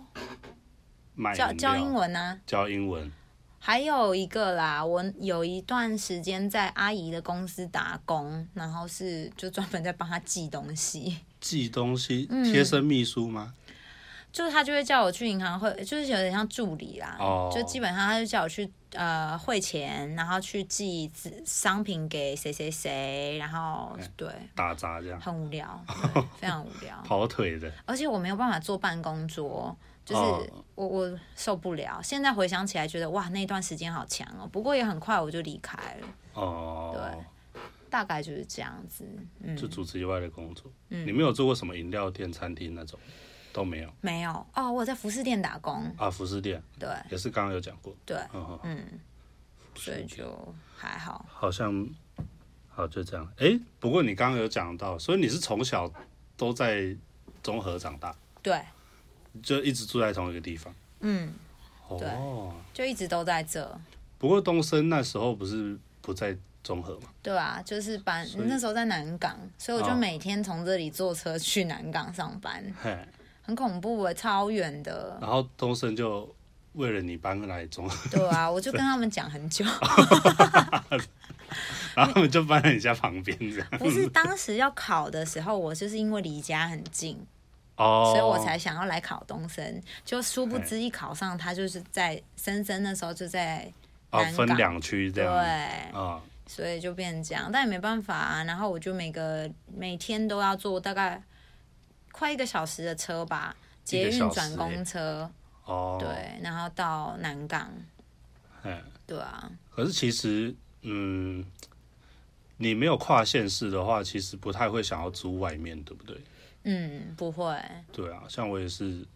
教，教英文啊，教英文，還有一個啦，我有一段時間在阿姨的公司打工，然後是就專門在幫她寄東西，寄東西，貼身秘書嗎？嗯就他就會叫我去銀行匯，就是有點像助理啦。哦、oh.。就基本上他就叫我去呃匯錢，然後去寄商品給誰誰誰，然後對。打雜這樣。很無聊， 非常無聊。跑腿的。而且我沒有辦法坐辦公桌，就是我，oh. 我受不了。現在回想起來，覺得哇，那一段時間好強哦，喔。不過也很快我就離開了。哦、oh.。對。大概就是這樣子。Oh. 嗯，就主持以外的工作，嗯，你沒有做過什麼飲料店、餐廳那種。都沒有，沒有哦，我在服飾店打工啊，服飾店，對，也是剛剛有講過，對，哦、嗯，所以就還好，好像好就這樣。哎、欸，不過你剛剛有講到，所以你是從小都在中和長大？對，就一直住在同一個地方，嗯，哦、對，就一直都在這。不過東森那時候不是不在中和嘛？對啊，就是班，那時候在南港，所以我就每天從這裡坐車去南港上班。嘿很恐怖哎，欸，超遠的。然後東森就為了你搬來中。對啊，我就跟他們講很久。 然後我們就搬在你家旁邊這樣。不是當時要考的時候，我就是因為離家很近，哦、oh.，所以我才想要來考東森。就殊不知一考上，hey. 他就是在深深那時候就在南港哦，oh, 分兩區這樣。對、oh. 所以就變成這樣，但也沒辦法、啊。然後我就每個每天都要做大概。快一個小時的車吧，捷運轉公車、欸，哦，對，然後到南港，對啊。可是其實，嗯，你沒有跨縣市的話，其實不太會想要租外面，對不對？嗯，不會。對啊，像我也是，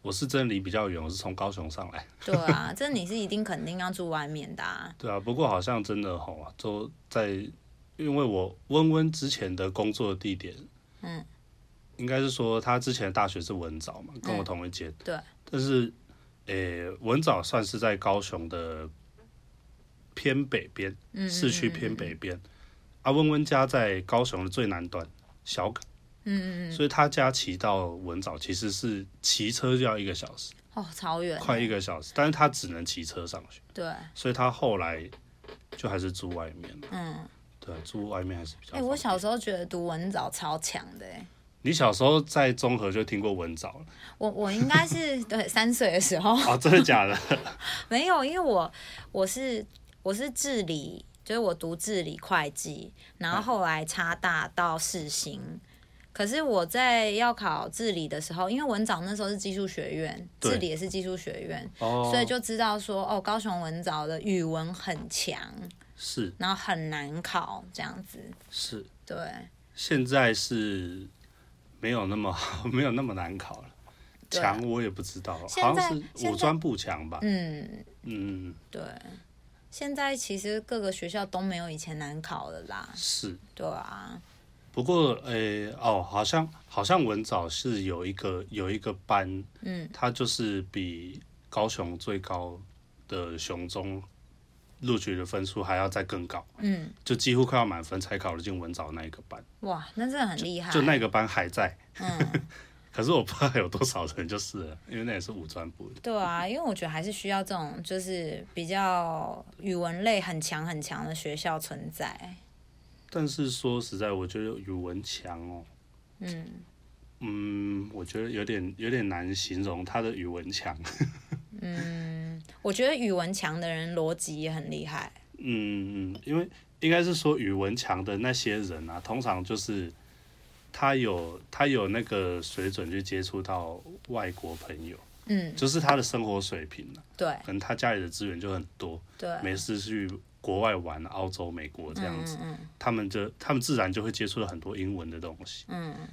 我是真離比較遠，我是從高雄上來。對啊，這你是一定肯定要住外面的、啊。對啊，不過好像真的好啊，就在，因為我溫溫之前的工作的地點，嗯。應該是說，他之前的大學是文藻嘛，跟我同一屆、嗯。對。但是，誒、欸，文藻算是在高雄的偏北邊、嗯嗯，市區偏北邊。阿溫溫家在高雄的最南端，小港。嗯嗯嗯。所以他家騎到文藻其實是騎車就要一個小時。哦，超遠。快一個小時，但是他只能騎車上去。對。所以他後來就還是住外面，嗯。對，住外面還是比較。哎、欸，我小時候覺得讀文藻超強的。你小時候在中和就聽過文藻了我？我我應該是 對，三歲的時候啊，真的假的？沒有，因為我我是我是致理，就是我讀致理會計，然後後來插大到世新、啊。可是我在要考致理的時候，因為文藻那時候是技術學院，致理也是技術學院、哦，所以就知道說哦，高雄文藻的語文很強，是，然後很難考這樣子，是，對，現在是。沒有那麼好，沒有那麼難考了。啊、強，我也不知道，好像是五專不強吧。嗯嗯，對。現在其實各個學校都沒有以前難考了啦。是，對啊。不過哎、欸，哦，好像好像文藻是有一個有一個班，嗯，它就是比高雄最高的雄中錄取的分數還要再更高，嗯，就幾乎快要滿分才考了進文藻那一個班。哇，那真的很厲害就。就那個班還在，嗯，呵呵，可是我不知道有多少人，就是了，因為那也是五專部的。對啊，因為我覺得還是需要這種就是比較語文類很強很強的學校存在。但是說實在，我覺得語文強哦，嗯。嗯，我覺得有點有點難形容他的語文強。 嗯，我覺得語文強的人邏輯也很厲害。嗯嗯，因為應該是說語文強的那些人啊，通常就是他有他有那個水準去接觸到外國朋友。嗯，就是他的生活水平、啊、對，可能他家裡的資源就很多。對，沒事去國外玩，澳洲、美國這樣子。嗯嗯嗯。他們就他們自然就會接觸到很多英文的東西。嗯嗯。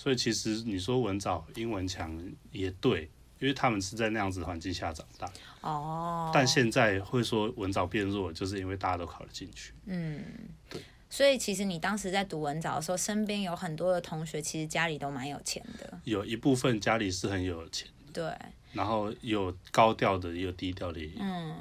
所以其實你說文藻英文強也對，因為他們是在那樣子環境下長大。哦。但現在會說文藻變弱，就是因為大家都考了進去。嗯。對。所以其實你當時在讀文藻的時候，身邊有很多的同學，其實家裡都蠻有錢的。有一部分家裡是很有錢的。對。然後有高調的，也有低調的。嗯，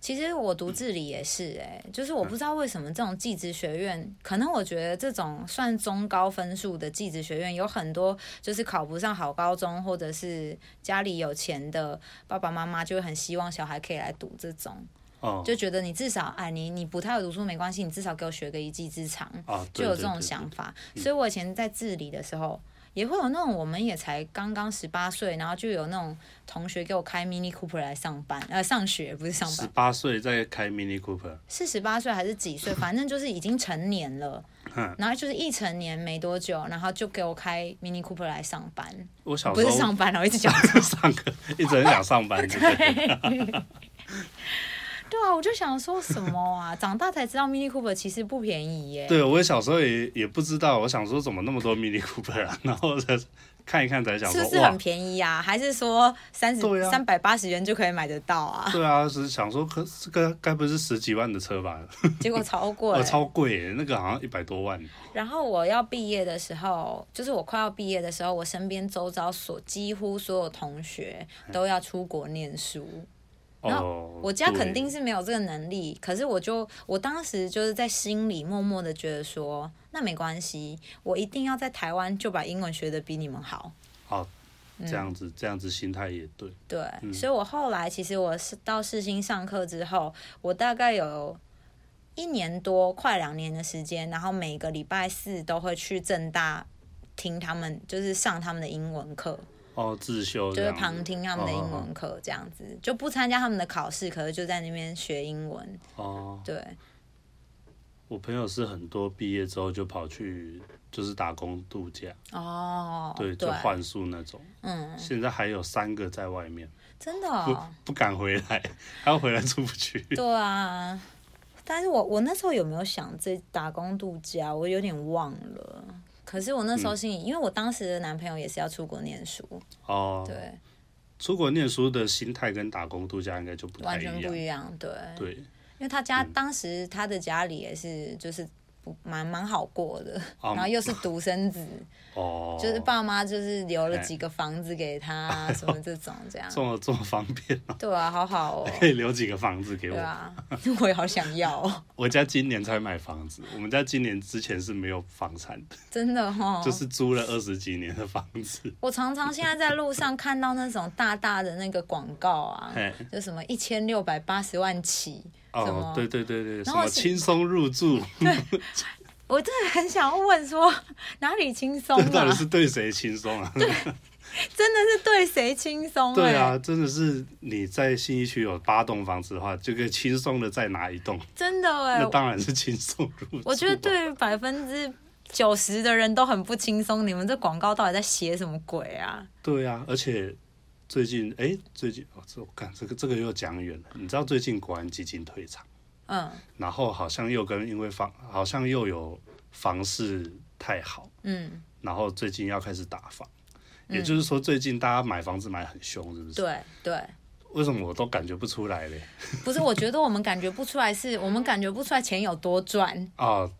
其實我讀治理也是哎、欸嗯，就是我不知道為什麼這種技職學院、嗯，可能我覺得這種算中高分數的技職學院，有很多就是考不上好高中，或者是家裡有錢的爸爸媽媽就很希望小孩可以來讀這種。哦、就覺得你至少哎，你你不太有讀書沒關係，你至少給我學個一技之長，啊、就有這種想法對對對對對、嗯。所以我以前在治理的時候。也會有那種，我們也才剛剛十八歲，然後就有那種同學給我開 Mini Cooper 來上班，呃，上學不是上班。十八歲在開 Mini Cooper，是十八歲還是幾歲？反正就是已經成年了。嗯， 然後就是一成年沒多久，然後就給我開 Mini Cooper 來上班。我小時候不是上班了，我然後一直想 上課，一直很想上班。 對 對啊，我就想說什麼啊？長大才知道 Mini Cooper 其實不便宜耶。 對，我小時候也也不知道，我想說怎麼那麼多 Mini Cooper 啊？然後再看一看，才想說是不是很便宜啊？還是說三十，三百八十元就可以買得到啊？對啊，是想說可這個該不是十幾萬的車吧？ 結果超貴，超貴耶，那個好像一百多萬。然後我要畢業的時候，就是我快要畢業的時候，我身邊周遭所幾乎所有同學都要出國念書。然後我家肯定是沒有這個能力，哦、可是我就我當時就是在心裡默默的覺得說，那沒關係，我一定要在台灣就把英文學的比你們好。哦，這樣子、嗯、這樣子心態也對。對，嗯、所以我後來其實我是到世新上課之後，我大概有一年多快兩年的時間，然後每個禮拜四都會去政大聽他們就是上他們的英文課。哦，自修就是旁聽他們的英文課這樣子，哦、就不參加他們的考試，哦，可是就在那邊學英文。哦，對。我朋友是很多畢業之後就跑去就是打工度假。哦，對，對就換宿那種。嗯。現在還有三個在外面，真的、哦、不不敢回來，要回來出不去。對啊，但是我我那時候有沒有想這打工度假，我有點忘了。可是我那時候心裡，因為我當時的男朋友也是要出國念書，哦、嗯，對，出國念書的心態跟打工度假應該就不一樣，完全不一樣，對，對，因為他家、嗯、當時他的家裡也是就是。蠻蠻好過的，um, 然後又是獨生子，哦、oh,，就是爸媽就是留了幾個房子給他、啊哎，什麼這種這樣，這麼這麼方便、哦、對啊，好好哦，可以留幾個房子給我對啊，我也好想要、哦、 我家今年才買房子，我們家今年之前是沒有房產的，真的哦，就是租了二十幾年的房子。我常常現在在路上看到那種大大的那個廣告啊， 就什麼一千六百八十萬起。哦，對對對對，什麼輕鬆入住？對，我真的很想要問說，哪裡輕鬆了？這到底是對誰輕鬆啊？對，真的是對誰輕鬆？對啊，真的是你在信義區有八棟房子的話，就可以輕鬆的再拿一棟。真的哎、欸，那當然是輕鬆入住。我覺得對百分之九十的人都很不輕鬆。你們這廣告到底在寫什麼鬼啊？對啊，而且。最近，哎，最近哦，這我看這個這個又講遠了。你知道最近國安基金退場，嗯，然後好像又跟因為房，好像又有房市太好，嗯，然後最近要開始打房，嗯、也就是說最近大家買房子買很凶，是不是？對對。為什麼我都感覺不出來嘞？不是，我覺得我們感覺不出來是，是 我們感覺不出來錢有多賺啊，哦、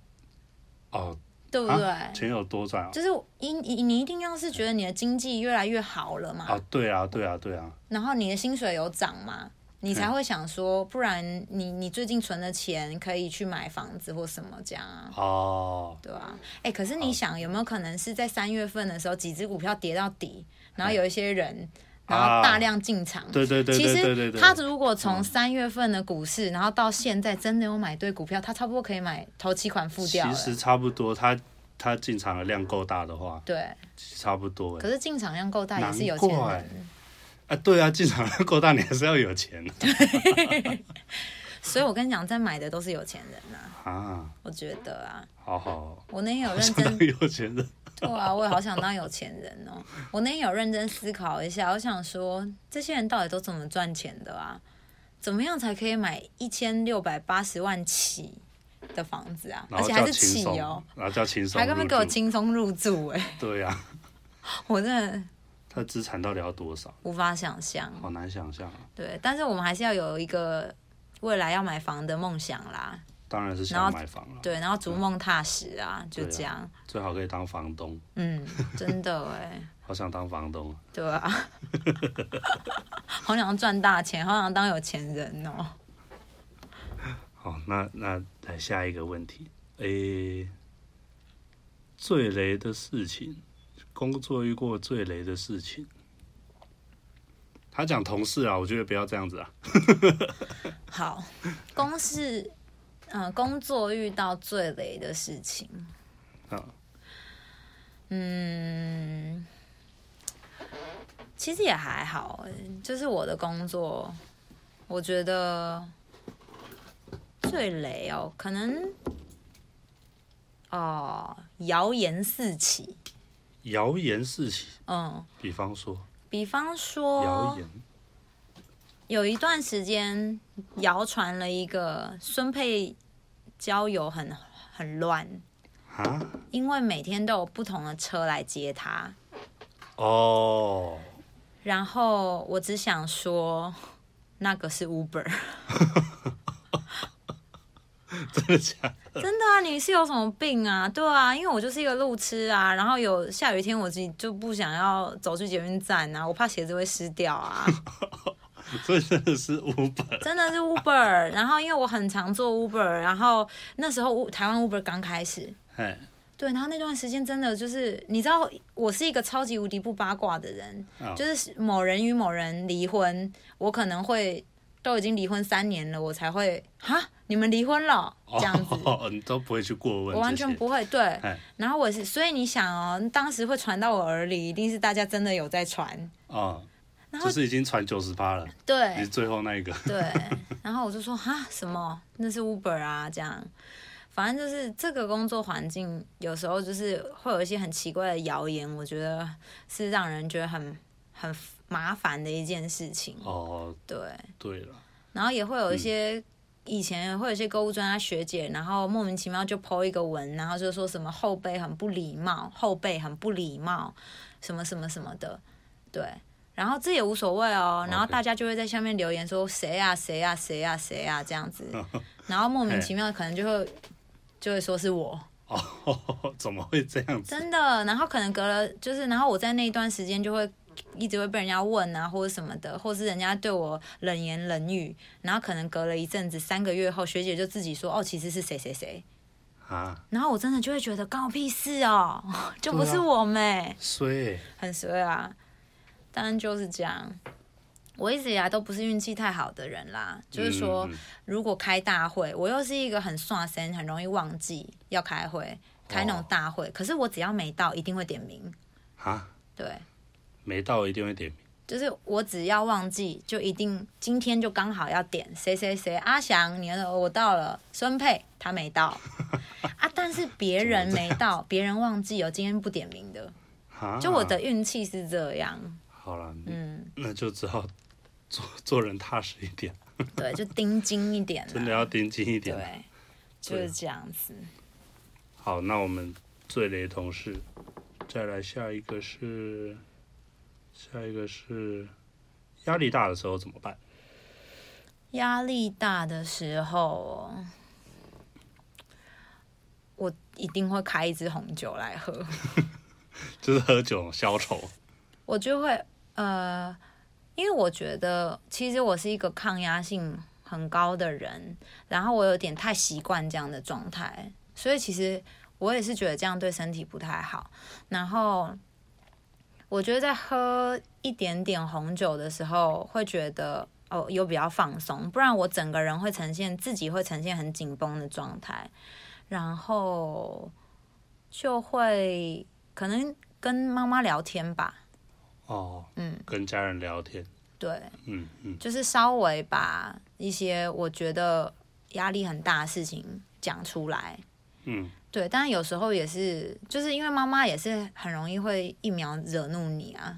呃。呃對不對？啊、錢有多賺、喔、就是我一你你一定要是覺得你的經濟越來越好了嘛？啊，對啊，對啊，對啊。然後你的薪水有漲嘛？你才會想說，不然你你最近存的錢可以去買房子或什麼這樣啊？哦，對啊。哎、欸，可是你想有沒有可能是在三月份的時候，幾隻股票跌到底，然後有一些人。然後大量進場，啊、對，對，對，對，對，對，對對對，其實他如果從三月份的股市，嗯，然後到現在真的有買對股票，他差不多可以買頭期款付掉。其實差不多，他他進場的量夠大的話，對，差不多。可是進場量夠大也是有錢人、欸、啊，對啊，進場量夠大你還是要有錢、啊。對 ， 所以我跟你講，在買的都是有錢人吶、啊。啊，我覺得啊，好好，好，我那天有認識到有錢人。 對啊，我也好想當有錢人哦！我那天有認真思考一下，我想說，這些人到底都怎麼賺錢的啊？怎麼樣才可以買一千六百八十萬起的房子啊？而且還是起哦，那叫輕鬆，還根本給我輕鬆入住欸！對啊，我真的，他資產到底要多少？無法想象，好難想象啊。對，但是我們還是要有一個未來要買房的夢想啦。當然是想買房了。啊，對，然後逐夢踏實啊、嗯、啊，就這樣。最好可以當房東，嗯，真的哎， 好想當房東。啊，對啊， 好想賺大錢，好想當有錢人哦。好，那那來下一個問題，誒，最雷的事情，工作遇過最雷的事情，他講同事啊，我覺得不要這樣子啊。 好，公事。嗯，工作遇到最雷的事情。嗯，其實也還好，就是我的工作，我覺得最雷哦，可能哦，謠言四起。謠言四起。嗯。比方說。比方說。謠言。有一段時間，謠傳了一個孫沛，交友很很亂、huh? 因為每天都有不同的車來接他。哦、oh.，然後我只想說，那個是 Uber。 真的假的？ 真的啊！你是有什麼病啊？對啊，因為我就是一個路痴啊。然後有下雨天，我自己就不想要走去捷運站啊，我怕鞋子會濕掉啊。所以真的是 Uber，真的是 Uber。 然後因為我很常做 Uber，然後那時候台灣 Uber 剛開始，對。然後那段時間真的就是，你知道我是一個超級無敵不八卦的人，哦、就是某人與某人離婚，我可能會都已經離婚三年了，我才會啊你們離婚了這樣子，哦、你都不會去過問，我完全不會。對，然後我是所以你想哦，當時會傳到我耳裡，一定是大家真的有在傳啊。哦就是已經傳九十八了，對，是最後那一個。對， 然後我就說啊，什麼？那是 Uber 啊，這樣。反正就是這個工作環境，有時候就是會有一些很奇怪的謠言，我覺得是讓人覺得很很麻煩的一件事情。哦，對，對了。然後也會有一些、嗯、以前會有一些購物專家學姐，然後莫名其妙就 po 一個文，然後就說什麼後輩很不禮貌，後輩很不禮貌，什麼什麼什麼的，對。然後這也無所謂哦，Okay. 然後大家就會在下面留言說誰啊誰啊誰啊誰啊這樣子， 然後莫名其妙的可能就會 就會說是我哦， 怎麼會這樣子？真的，然後可能隔了就是，然後我在那一段時間就會一直會被人家問啊，或者什麼的，或是人家對我冷言冷語，然後可能隔了一陣子，三個月後學姐就自己說哦，其實是誰誰誰，誰啊？然後我真的就會覺得乾我屁事哦， 就不是我們、欸，啊、衰、欸，很衰啊。當然就是這樣，我一直以來都不是運氣太好的人啦、嗯。就是說，如果開大會，我又是一個很刷身，很容易忘記要開會，開那種大會。哦、可是我只要沒到，一定會點名。對，沒到一定會點名。就是我只要忘記，就一定今天就剛好要點誰誰誰。阿翔，你我到了，孫沛他沒到 啊。但是別人沒到，別人忘記有、哦、今天不點名的，就我的運氣是這樣。好了、嗯，那就只好做做人踏實一點。 對，就盯緊一點。真的要盯緊一點。對，就是這樣子、啊。好，那我們最雷同事，再來下一個是，下一個是壓力大的時候怎麼辦？壓力大的時候，我一定會開一支紅酒來喝。 就是喝酒消愁。我就會。呃，因為我覺得其實我是一個抗壓性很高的人，然後我有點太習慣這樣的狀態，所以其實我也是覺得這樣對身體不太好。然後我覺得在喝一點點紅酒的時候，會覺得哦，有比較放鬆，不然我整個人會呈現自己會呈現很緊繃的狀態，然後就會可能跟媽媽聊天吧。哦，嗯，跟家人聊天，對，嗯嗯，就是稍微把一些我覺得壓力很大的事情講出來，嗯，對，當然有時候也是，就是因為媽媽也是很容易會一秒惹怒你啊，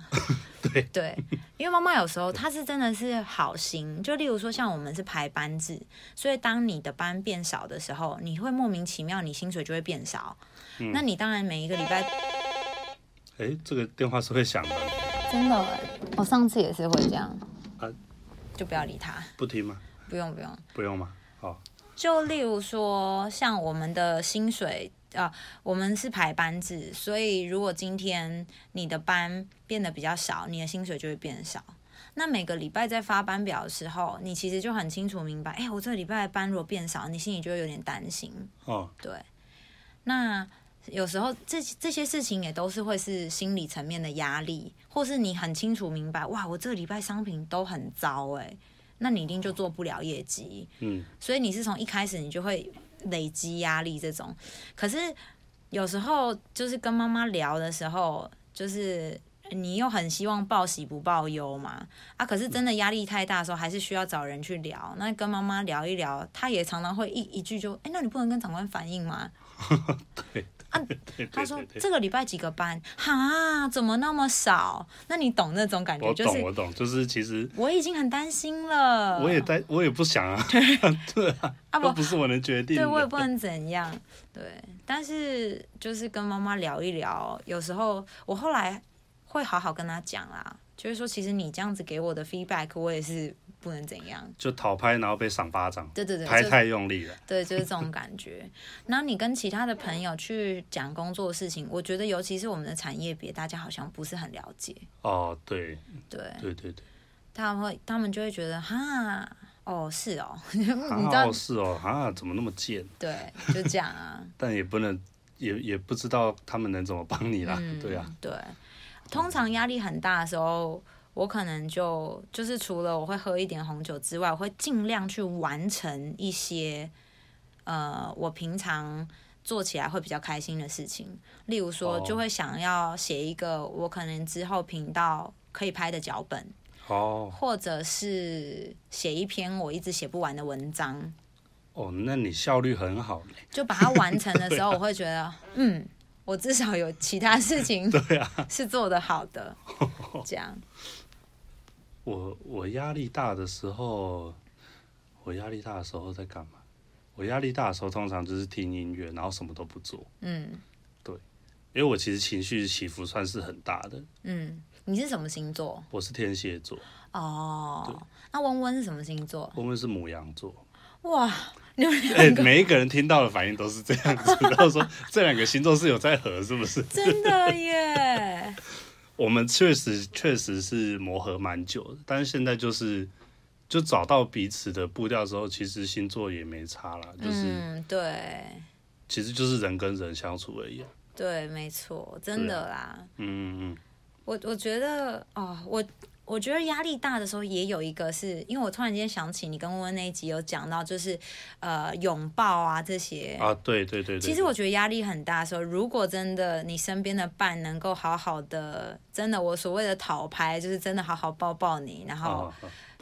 對，對，對，因為媽媽有時候她是真的是好心，就例如說像我們是排班制，所以當你的班變少的時候，你會莫名其妙你薪水就會變少，嗯，那你當然每一個禮拜，哎，這個電話是會響的。真的，我、oh, 上次也是會這樣，uh, 就不要理他，不聽嗎？不用,不用，不用，不用嘛，好。就例如說，像我們的薪水啊、呃，我們是排班制，所以如果今天你的班變得比較少，你的薪水就會變少。那每個禮拜在發班表的時候，你其實就很清楚明白，哎、欸，我這禮拜的班如果變少，你心裡就會有點擔心。哦、oh.，對，那。有時候這這些事情也都是會是心理層面的壓力，或是你很清楚明白，哇，我這個禮拜商品都很糟哎，那你一定就做不了業績。嗯，所以你是從一開始你就會累積壓力這種。可是有時候就是跟媽媽聊的時候，就是你又很希望報喜不報憂嘛，啊，可是真的壓力太大的時候，還是需要找人去聊。那跟媽媽聊一聊，她也常常會一一句就，哎，那你不能跟長官反映嗎？ 對。 啊，他說這個禮拜幾個班？哈、啊，怎麼那麼少？那你懂那種感覺？就是、我懂，我懂，就是其實我已經很擔心了。我也擔，我也不想啊， 對啊， 啊不，不是我能決定的。對，我也不能怎樣。對，但是就是跟媽媽聊一聊，有時候我後來會好好跟他講啦、啊，就是說，其實你這樣子給我的 feedback，我也是。不能怎樣，就討拍，然後被賞巴掌。對對對，拍太用力了。對，就是這種感覺。 那你跟其他的朋友去講工作的事情，我覺得尤其是我們的產業別，大家好像不是很了解。哦，對對對對對，他們會他們就會覺得哈，哦是哦，是哦 你知道是哦，啊怎麼那麼賤？對，就這樣啊。 但也不能，也也不知道他們能怎麼幫你啦，嗯。對啊。對，通常壓力很大的時候，我可能就就是除了我會喝一點紅酒之外，我會盡量去完成一些，呃，我平常做起來會比較開心的事情。例如說，就會想要寫一個我可能之後頻道可以拍的腳本，哦、oh.，或者是寫一篇我一直寫不完的文章。哦，那你效率很好，就把它完成的時候、 對啊，我會覺得，嗯，我至少有其他事情，是做得好的、對啊，這樣。我我壓力大的時候，我壓力大的時候在幹嘛？我壓力大的時候通常就是聽音樂，然後什麼都不做。嗯，對，因為我其實情緒起伏算是很大的。嗯，你是什麼星座？我是天蠍座。哦，那溫溫是什麼星座？溫溫是牡羊座。哇，你們、欸、每一個人聽到的反應都是這樣子，然 後說這兩個星座是有在合，是不是？真的耶。 我們確實確實是磨合蠻久的，但是現在就是就找到彼此的步調之後，其實星座也沒差啦，就是、嗯、對，其實就是人跟人相處而已、啊。對，沒錯，真的啦。嗯嗯嗯，我我覺得啊、哦，我。我覺得壓力大的時候，也有一個是因為我突然間想起你跟溫溫那一集有講到，就是呃擁抱啊這些啊，對對對。其實我覺得壓力很大的時候，如果真的你身邊的伴能夠好好的，真的我所謂的討拍就是真的好好抱抱你，然後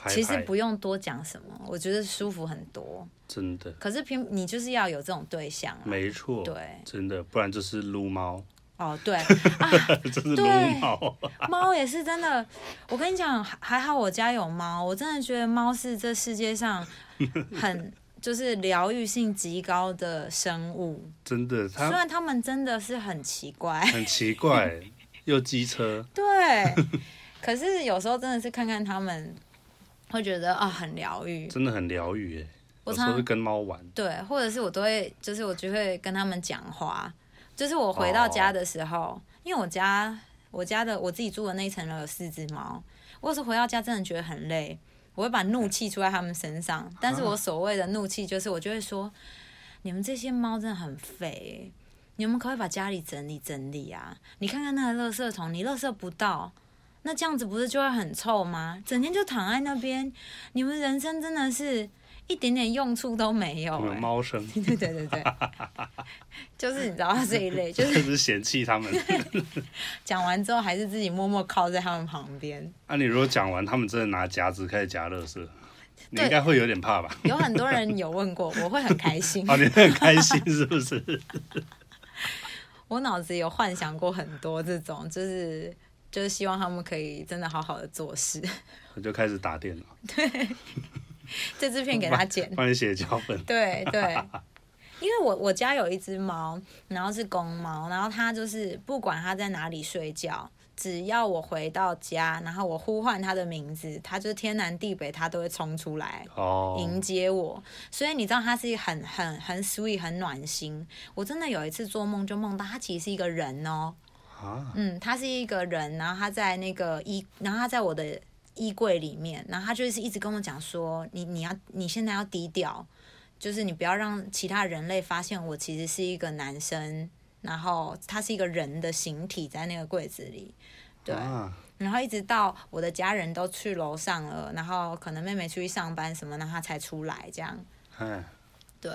其實不用多講什麼，我覺得舒服很多。真的。可是平你就是要有這種對象啊。沒錯。對。真的，不然就是擼貓。哦，對啊，對，貓也是真的。我跟你講，還好我家有貓，我真的覺得貓是這世界上很 就是療癒性極高的生物。真的，雖然他們真的是很奇怪，很奇怪 又機車。對， 可是有時候真的是看看他們，會覺得啊，很療癒，真的很療癒。耶，我常會跟貓玩，對，或者是我都會，就是我就會跟他們講話。就是我回到家的時候，oh. 因為我家我家的我自己住的那一層樓有四隻貓，我有時候回到家真的覺得很累，我會把怒氣出在他們身上。但是我所謂的怒氣就是，我就會說，huh? 你們這些貓真的很廢。欸，你們可，可以把家裡整理整理啊！你看看那個垃圾桶，你垃圾不到，那這樣子不是就會很臭嗎？整天就躺在那邊，你們人生真的是。一點點用處都沒有，有貓聲，對對對對 ，就是你知道這一類， 就是嫌棄他們 。講完之後還是自己默默靠在他們旁邊 。啊，你如果講完，他們真的拿夾子開始夾垃圾，你應該會有點怕吧？ 有很多人有問過，我會很開心。 啊，你會很開心是不是 ？ 我腦子有幻想過很多這種，就是就是希望他們可以真的好好的做事。我就開始打電腦。 對。 這支片給他剪， 放些腳本。對對，因為我我家有一隻貓，然後是公貓，然後它就是不管它在哪裡睡覺，只要我回到家，然後我呼喚它的名字，它就是天南地北它都會衝出來迎接我。Oh. 所以你知道它是很很很 sweet 很暖心。我真的有一次做夢就夢到它其實是一個人哦、喔，huh? 嗯，它是一個人，然後它在那個一，然後它在我的。衣櫃裡面，然後他就是一直跟我講說：“你你要你現在要低調，就是你不要讓其他人類發現我其實是一個男生，然後他是一個人的形體在那個櫃子裡，對。啊、然後一直到我的家人都去樓上了，然後可能妹妹出去上班什麼，然後他才出來這樣、哎。對，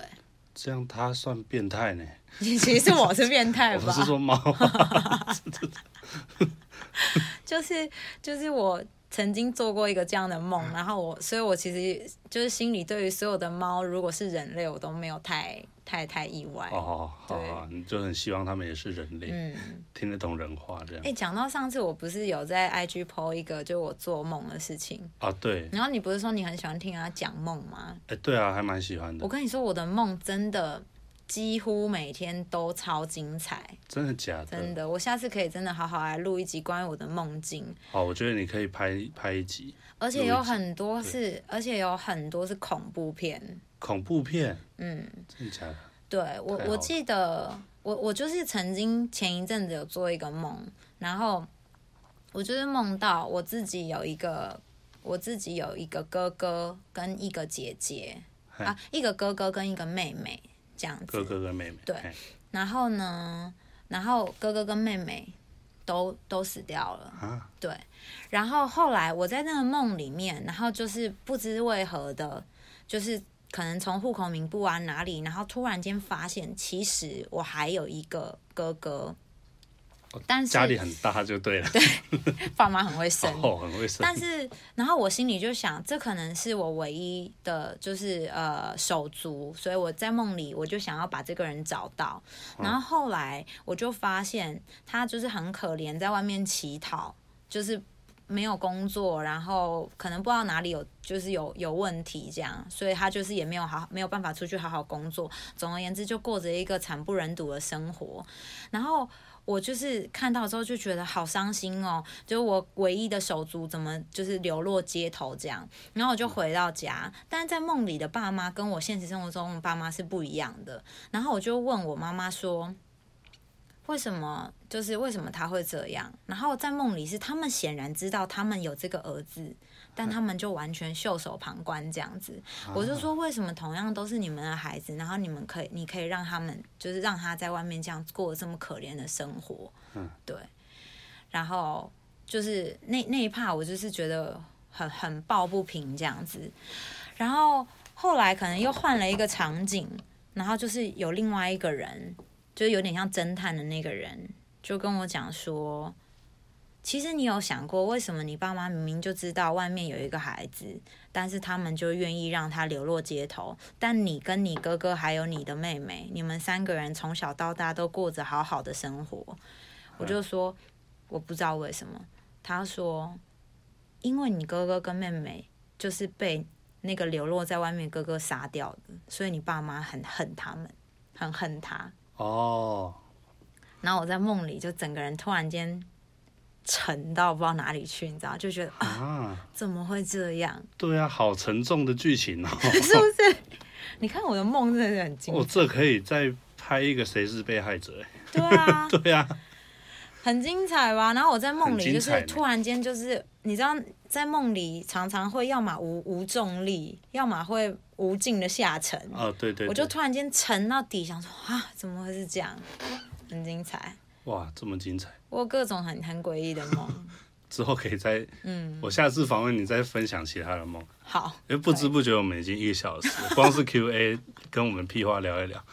這樣他算變態呢？ 你其實我是變態吧， 我不是說貓、啊， 就是就是我。”曾經做過一個這樣的夢，然後我，所以我其實就是心裡對於所有的貓，如果是人類，我都沒有太太太意外。哦，好，好，你就很希望他們也是人類，嗯，聽得懂人話這樣。哎，欸，講到上次我不是有在 IG Po 一個，就我做夢的事情啊，對。然後你不是說你很喜歡聽他講夢嗎？欸，對啊，還蠻喜歡的。我跟你說，我的夢真的。幾乎每天都超精彩，真的假的？真的，我下次可以真的好好來錄一集關於我的夢境。好、哦，我覺得你可以拍拍一集，而且有很多是，而且有很多是恐怖片。恐怖片？嗯，真的假的？對，我我記得我我就是曾經前一陣子有做一個夢，然後我就是夢到我自己有一個我自己有一個哥哥跟一個姐姐啊，一個哥哥跟一個妹妹。這樣子哥哥跟妹妹，對，然後呢，然後哥哥跟妹妹都都死掉了、啊、對，然後後來我在那個夢裡面，然後就是不知為何的，就是可能從戶口名簿啊哪裡，然後突然間發現，其實我還有一個哥哥。但是家裡很大就對了，對，爸媽很會生， 哦，很會生。但是，然後我心裡就想，這可能是我唯一的，就是呃手足，所以我在夢裡我就想要把這個人找到。嗯。然後後來我就發現他就是很可憐，在外面乞討，就是沒有工作，然後可能不知道哪裡有，就是有有問題這樣，所以他就是也沒有好，沒有辦法出去好好工作。總而言之，就過着一個慘不忍睹的生活。然後。我就是看到之後就覺得好傷心哦，就我唯一的手足怎麼就是流落街頭這樣，然後我就回到家，但是在夢裡的爸媽跟我現實生活中的爸媽是不一樣的，然後我就問我媽媽說，為什麼就是為什麼他會這樣，然後在夢裡是他們顯然知道他們有這個兒子。但他們就完全袖手旁觀這樣子，我就說，為什麼同樣都是你們的孩子，然後你們可以，你可以讓他們就是讓他在外面這樣過這麼可憐的生活，嗯，對，然後就是那那一趴我就是覺得很很抱不平這樣子，然後後來可能又換了一個場景，然後就是有另外一個人，就有點像偵探的那個人就跟我講說。其實你有想過，為什麼你爸媽明明就知道外面有一個孩子，但是他們就願意讓他流落街頭？但你跟你哥哥還有你的妹妹，你們三個人從小到大都過着好好的生活。我就說，我不知道為什麼。他說，因為你哥哥跟妹妹就是被那個流落在外面哥哥殺掉的，所以你爸媽很恨他們，很恨他。哦、oh.。然後我在夢裡就整個人突然間。沉到不知道哪裡去，你知道？就覺得啊，啊，怎麼會這樣？對啊，好沉重的劇情哦， 是不是？你看我的夢真的是很精彩，我這可以再拍一個《誰是被害者》？對啊， 對啊，很精彩吧？然後我在夢裡就是突然間就是，你知道，在夢裡常常會要麼無無重力，要麼會無盡的下沉。哦、啊，對對，對對，我就突然間沉到底，想說啊，怎麼會是這樣？很精彩，哇，這麼精彩！我有各種很很詭異的夢，之後可以再嗯，我下次訪問你再分享其他的夢。好，因、欸、為不知不覺我們已經一個小時， 光是 Q&A 跟我們屁話聊一聊，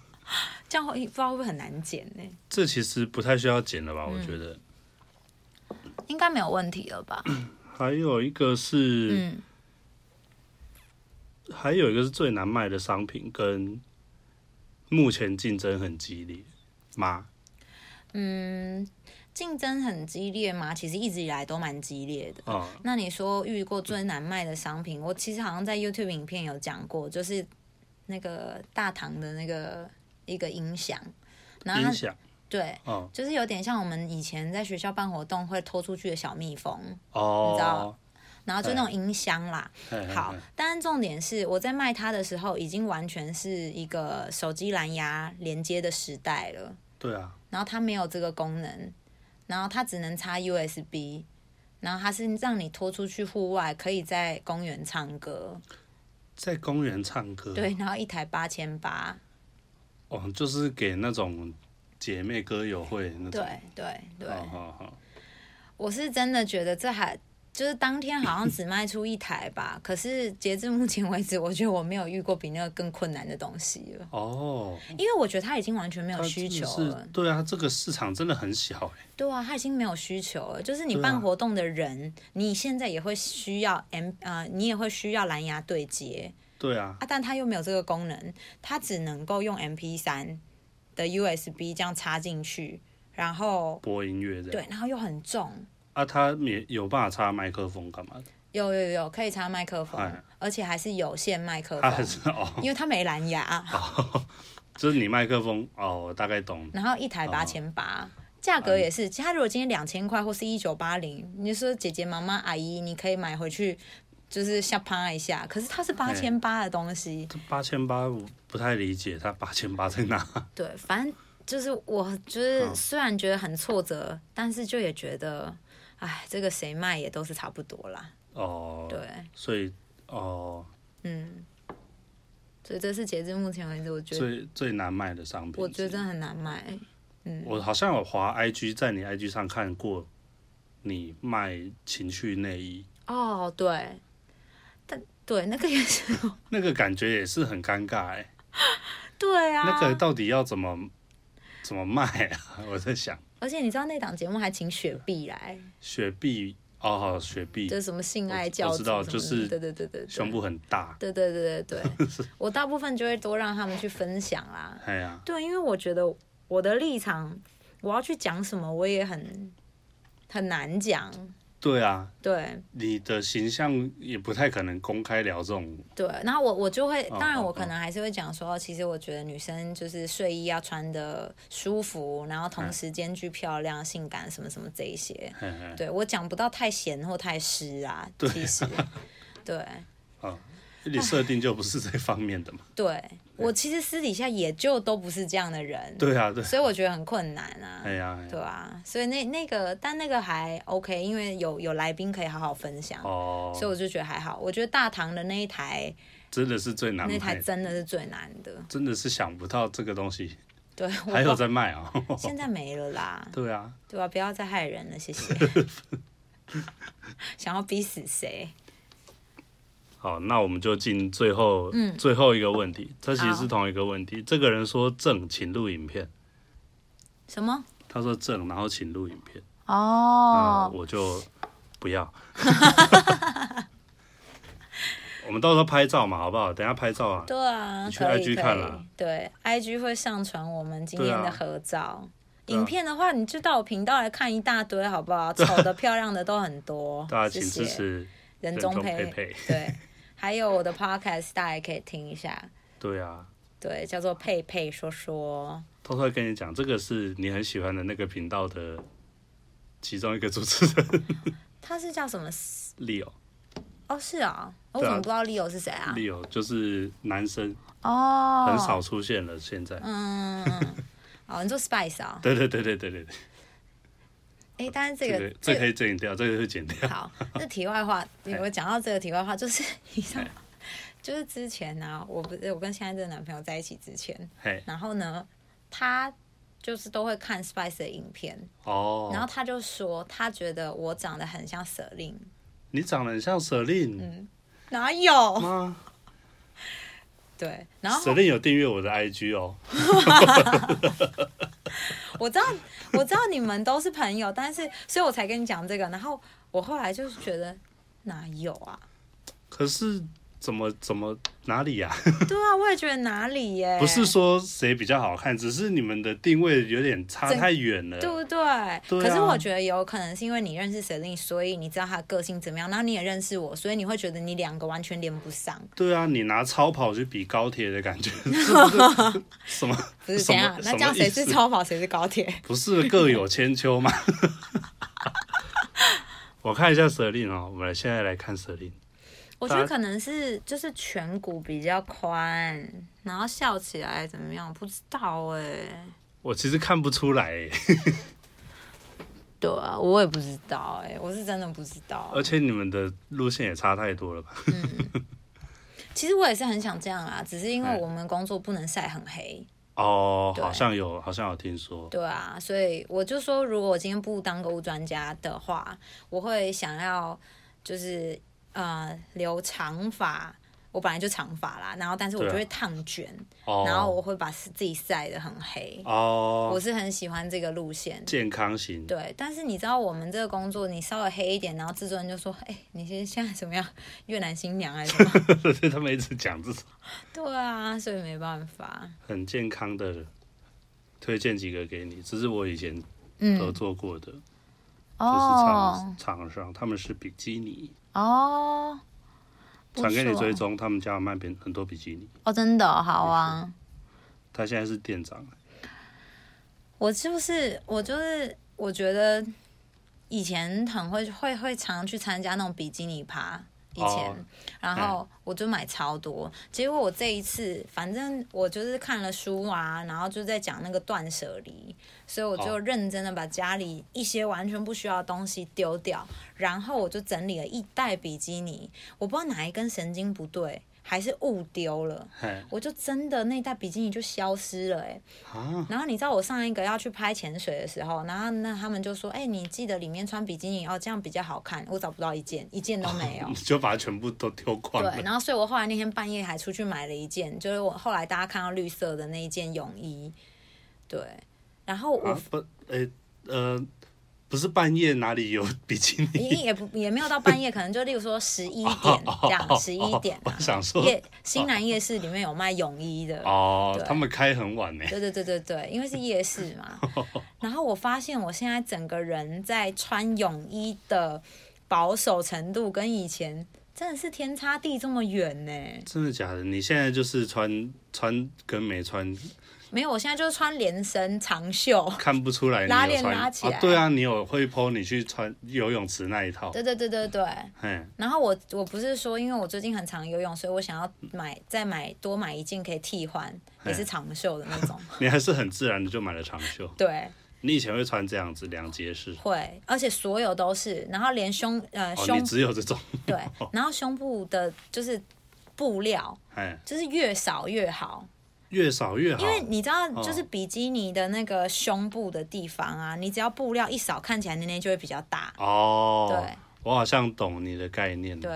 這樣會不知道會不會很難剪呢、欸？這其實不太需要剪了吧？嗯、我覺得應該沒有問題了吧？還有一個是、嗯，還有一個是最難賣的商品，跟目前競爭很激烈，媽，嗯。競爭很激烈嗎？其實一直以來都蠻激烈的。哦、oh.。那你說遇過最難賣的商品？我其實好像在 YouTube 影片有講過，就是那個大唐的那個一個音響。音響。對，oh. 就是有點像我們以前在學校辦活動會拖出去的小蜜蜂哦，oh. 你知道？然後就那種音箱啦。Oh. 好，hey. 但重點是我在賣它的時候，已經完全是一個手機藍牙連接的時代了。對啊。然後它沒有這個功能。然後它只能插 USB，然後它是讓你拖出去戶外，可以在公園唱歌，在公園唱歌，對，然後一台八千八，哦，就是給那種姐妹歌友會那種，對對對，哦，我是真的覺得這還。就是當天好像只賣出一台吧， 可是截至目前為止，我覺得我沒有遇過比那個更困難的東西了。哦，因為我覺得它已經完全沒有需求了。對啊，這個市場真的很小、欸、對啊，它已經沒有需求了。就是你辦活動的人，啊、你現在也會需要 M 啊、呃，你也會需要藍牙對接。對啊。啊，但它又沒有這個功能，它只能夠用 MP 三的 USB 這樣插進去，然後播音樂的對，然後又很重。那、啊、他沒有辦法插麥克風幹嘛？有有有，可以插麥克風、哎，而且還是有線麥克風，啊哦、因為它沒藍牙、哦。就是你麥克風哦，我大概懂。然後一台八千八，價格也是，假如果今天兩千塊或是一九八零，你就說姐姐、媽媽、阿姨，你可以買回去就是瞎趴一下。可是它是八千八的東西，八千八，我不太理解它八千八在哪。對，反正就是我就是雖然覺得很挫折，哦、但是就也覺得。哎，這個誰賣也都是差不多啦。哦、呃。對。所以，哦、呃。嗯。所以這是截至目前為止，我覺得最最難賣的商品。我覺得很難賣。嗯。我好像有滑 IG，在你 IG 上看過你賣情趣內衣。哦，對。但對那個也是。 那個感覺也是很尷尬哎，欸。 對啊。那個到底要怎麼怎麼賣啊？我在想。而且你知道那檔節目還請雪碧來，雪碧哦，好，雪碧這什麼性愛教主，我我知道，就是對，對對對對，胸部很大，對對對對對， 我大部分就會多讓他們去分享啦，哎呀，對，因為我覺得我的立場，我要去講什麼我也很很難講。對啊，對，你的形象也不太可能公開聊這種。對，然後我我就會、哦，當然我可能還是會講說、哦哦，其實我覺得女生就是睡衣要穿得舒服、哎，然後同時兼具漂亮、哎、性感什麼什麼這一些。哎、對、哎、我講不到太鹹或太濕啊，對啊其實，哈哈對。啊、哦，你 設定就不是這方面的嘛？哎、對。我其實私底下也就都不是這樣的人，對啊，對，所以我覺得很困難啊，哎呀、對啊、哎呀，所以那那個，但那個還 OK，因為有有來賓可以好好分享，哦，所以我就覺得還好。我覺得大唐的那一台真的是最難，那台真的是最難的，真的是想不到這個東西，對，還有在賣啊、喔，現在沒了啦，對啊，對啊，不要再害人了，謝謝， 想要逼死誰？好，那我們就進最後、嗯、最後一個問題、哦。這其實是同一個問題。哦、這個人說正，請錄影片。什麼？他說正，然後請錄影片。哦，我就不要。 我們到時候拍照嘛，好不好？等一下拍照啊。對啊，你去 IG 看了。對，IG 會上傳我們今天的合照。啊啊、影片的話，你就到我頻道來看一大堆，好不好？醜、啊、的、漂亮的都很多。啊、謝謝大家請支持人中沛，對。還有我的 podcast 大家也可以聽一下。對啊，對，叫做佩佩說說。偷偷跟你講，這個是你很喜歡的那個頻道的其中一個主持人。他是叫什麼？Leo。哦，是哦啊，我怎麼不知道 Leo 是誰啊？Leo 就是男生哦，oh. 很少出現了現在。嗯，哦， 你說 Spice 啊、哦？對對對對對對。哎、欸，但是這個這個、可以剪掉，這、這個可以剪掉。好，那題外話，我 講到這個題外話，就是以前，你知道就是之前呢、啊，我不是我跟現在這個男朋友在一起之前，然後呢，他就是都會看 Spice 的影片哦，然後他就說他覺得我長得很像舍令，你長得很像舍令，嗯，哪有？啊，對，然後舍令有訂閱我的 IG 哦。 我知道，我知道你們都是朋友，但是，所以我才跟你講這個。然後我後來就是覺得，哪有啊？可是怎麼怎麼？怎麼哪裡呀、啊？ 對啊，我也覺得哪裡耶。不是說誰比較好看，只是你們的定位有點差太遠了，對不對，對、啊？可是我覺得有可能是因為你認識蛇令，所以你知道她個性怎麼樣，然後你也認識我，所以你會覺得你兩個完全連不上。對啊，你拿超跑去比高鐵的感覺，是是 什麼？不是那這樣，那叫誰是超跑，誰 是高鐵？不是各有千秋嗎？ 我看一下蛇令哦，我們來現在來看蛇令。我覺得可能是就是顴骨比較寬，然後笑起來怎麼樣？不知道、欸、我其實看不出來、欸。 對啊，我也不知道、欸、我是真的不知道。而且你們的路線也差太多了吧？ 嗯、其實我也是很想這樣啊，只是因為我們工作不能曬很黑。哦，好像有，好像有聽說。對啊，所以我就說，如果我今天不當購物專家的話，我會想要就是。呃，留長髮，我本來就長髮啦。然後，但是我就會燙捲，啊 oh. 然後我會把自己曬得很黑。哦、oh.，我是很喜歡這個路線，健康型。對，但是你知道，我們這個工作，你稍微黑一點，然後製作人就說：“哎、欸，你現在什麼樣？越南新娘還是什麼？” 對，他們一直講這種。 對啊，所以沒辦法。很健康的，推薦幾個給你，這是我以前合作過的，嗯、就是廠廠商，他們是比基尼。哦，想跟你追蹤、啊，他們家賣比很多比基尼、oh, 哦，真的好啊！他現在是店長，我我就是，不是我就是，我覺得以前很會會會常去參加那種比基尼趴。以前，oh, 然後我就買超多，嗯，結果我這一次，反正我就是看了書啊，然後就在講那個斷捨離，所以我就認真的把家裡一些完全不需要的東西丟掉，oh. 然後我就整理了一袋比基尼，我不知道哪一根神經不對。還是誤丟了，我就真的那袋比基尼就消失了，哎、欸啊，然後你知道我上一個要去拍潛水的時候，然後那他們就說：“哎、欸，你記得裡面穿比基尼，哦，後這樣比較好看。”我找不到一件，一件都沒有。啊、你就把它全部都丟光了？對，然後所以我後來那天半夜還出去買了一件，就是我後來大家看到綠色的那一件泳衣，對，然後我、啊 but, 欸、呃。不是半夜哪裡有比基尼？也也不也沒有到半夜， 可能就例如說十一點這樣，哦、哦、哦、十一點啊。想說，夜新南夜市裡面有賣泳衣的哦，他們開很晚呢。對對對對對，因為是夜市嘛。 然後我發現我現在整個人在穿泳衣的保守程度跟以前真的是天差地這麼遠呢。真的假的？你現在就是穿穿跟沒穿？沒有，我現在就是穿連身長袖，看不出來你有穿，拉鏈拉起來、哦？對啊，你有會剖你去穿游泳池那一套。對對對對對，對、嗯。然後我我不是說，因為我最近很常游泳，所以我想要買、嗯、再買多買一件可以替換，也是長袖的那種。呵呵你還是很自然的就買了長袖。對。你以前會穿這樣子兩截式？會，而且所有都是，然後連胸呃胸部、哦、你只有這種。對。然後胸部的就是布料，就是越少越好。越少越好。因為你知道，就是比基尼的那個胸部的地方啊，哦、你只要布料一少，看起來內內就會比較大。哦，對，我好像懂你的概念。對，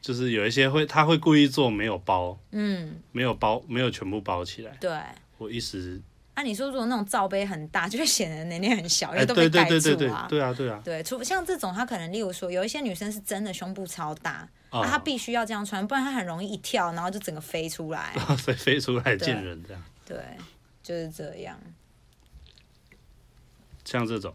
就是有一些會，他會故意做沒有包，嗯，沒有包，沒有全部包起來。對，我一時。啊，你說如果那種罩杯很大，就會顯得內內很小，對都被蓋住啊？欸、對啊，對啊。啊、對，除像這種，他可能例如說，有一些女生是真的胸部超大。啊，他必須要這樣穿，不然他很容易一跳，然後就整個飛出來，飛飛出來見人這樣。對，對，就是這樣。像這種，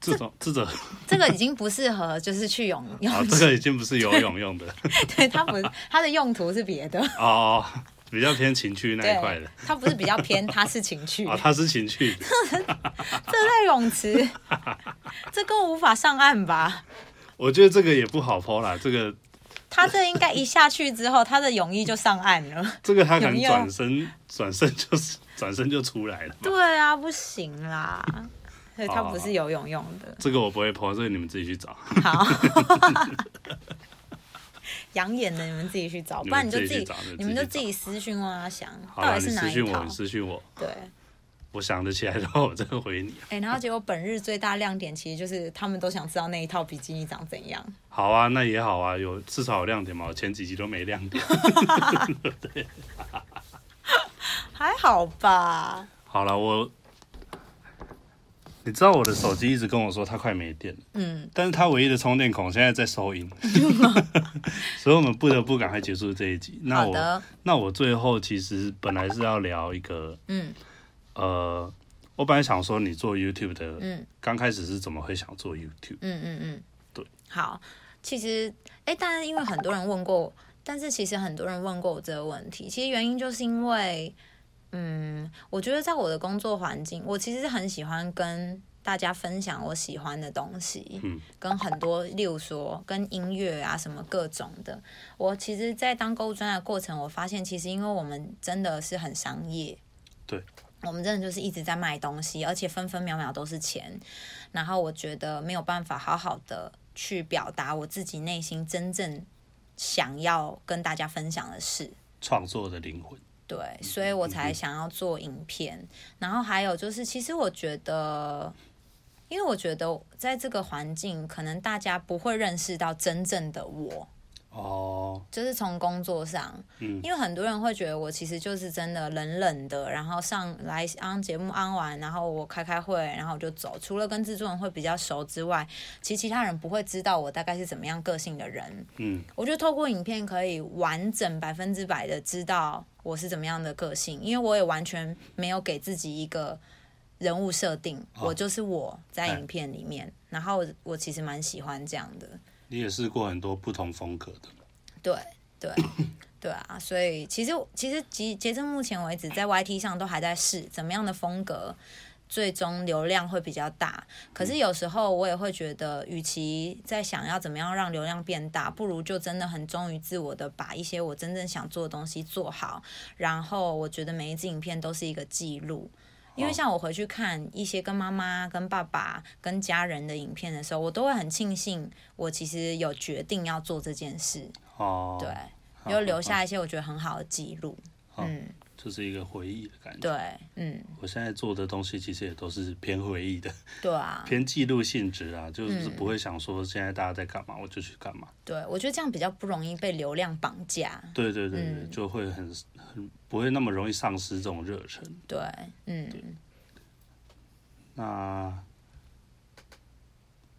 這種，這種，這個已經不適合，就是去游泳，哦，泳池，哦。這個已經不是游泳用的，對，它不是，它的用途是別的。哦，比較偏情趣那一塊的。它不是比較偏，它是情趣。啊，哦，它是情趣。 這類泳池， 這更無法上岸吧？我覺得這個也不好 po 啦，這個，他這應該一下去之後， 他的泳衣就上岸了。這個他可能轉身轉身就是轉身就出來了。對啊，不行啦， 啊、所以他不是游泳用的。這個我不會 po，這個你們自己去找。好，養 眼的你們自己去找，不然你就自己， 你們就自己，你自己私訊問阿翔好啊，到底是哪一套？你私訊我，你私訊我，對。我想得起來的話，我再回你。哎、欸，然後結果本日最大亮點， 其實就是他們都想知道那一套比基尼長怎樣。好啊，那也好啊，有至少有亮點嘛。我前幾集都沒亮點。 對， 還好吧。好了，我，你知道我的手機一直跟我說它快沒電，嗯，但是它唯一的充電孔現在在收音， 所以我們不得不趕快結束這一集，好的。那我，那我最後其實本來是要聊一個，嗯。呃，我本來想說你做 YouTube 的，嗯，剛開始是怎麼會想做 YouTube？嗯嗯嗯，對，好，其實，哎、欸，當然因為很多人問過我，但是其實很多人問過我這個問題，其實原因就是因為，嗯，我覺得在我的工作環境，我其實很喜歡跟大家分享我喜歡的東西，嗯，跟很多，例如說跟音樂啊什麼各種的，我其實，在當購物專家的過程，我發現其實因為我們真的是很商業，對。我們真的就是一直在賣東西，而且分分秒秒都是錢。然後我覺得沒有辦法好好的去表達我自己內心真正想要跟大家分享的事。創作的靈魂。對，所以我才想要做影片，嗯嗯。然後還有就是，其實我覺得，因為我覺得在這個環境，可能大家不會認識到真正的我。哦、oh，就是從工作上，嗯，因為很多人會覺得我其實就是真的冷冷的，然後上來安節目安完，然後我開開會，然後我就走。除了跟製作人會比較熟之外，其實其他人不會知道我大概是怎麼樣個性的人。嗯，我覺得透過影片可以完整百分之百的知道我是怎麼樣的個性，因為我也完全沒有給自己一個人物設定，oh, 我就是我在影片裡面，然後我，我其實蠻喜歡這樣的。你也試過很多不同風格的，對對 對啊，所以其實其實其實截至目前為止，在 YT 上都還在試怎麼樣的風格，最終流量會比較大。可是有時候我也會覺得，與其在想要怎麼樣讓流量變大，不如就真的很忠於自我的，把一些我真正想做的東西做好。然後我覺得每一只影片都是一個記錄。因為像我回去看一些跟媽媽、跟爸爸、跟家人的影片的時候，我都會很慶幸，我其實有決定要做這件事，對，又留下一些我覺得很好的記錄，嗯。就是一個回憶的感覺。對，嗯，我現在做的東西其實也都是偏回憶的，對啊，偏記錄性質啊，就是不會想說現在大家在幹嘛，我就去幹嘛。對，我覺得這樣比較不容易被流量綁架。對對對，對、嗯，就會很很不會那麼容易喪失這種熱忱。對，嗯對。那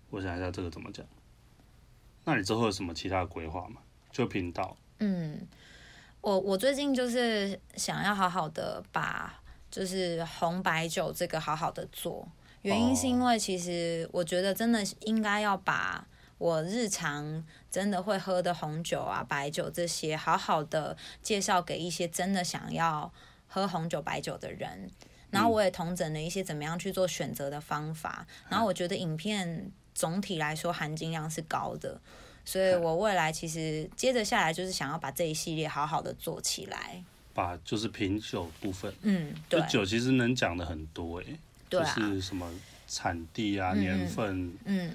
我想一下這個怎麼講？那你之後有什麼其他的規劃嗎？就頻道？嗯。我我最近就是想要好好的把就是紅白酒這個好好的做，原因是因為其實我覺得真的應該要把我日常真的會喝的紅酒啊、白酒這些好好的介紹給一些真的想要喝紅酒、白酒的人。然後我也統整了一些怎麼樣去做選擇的方法。然後我覺得影片總體來說含金量是高的。所以我未來其實接着下來就是想要把這一系列好好的做起來，把就是品酒部分。嗯，對，就酒其實能講的很多誒、欸啊，就是什麼產地啊嗯嗯、年份。嗯，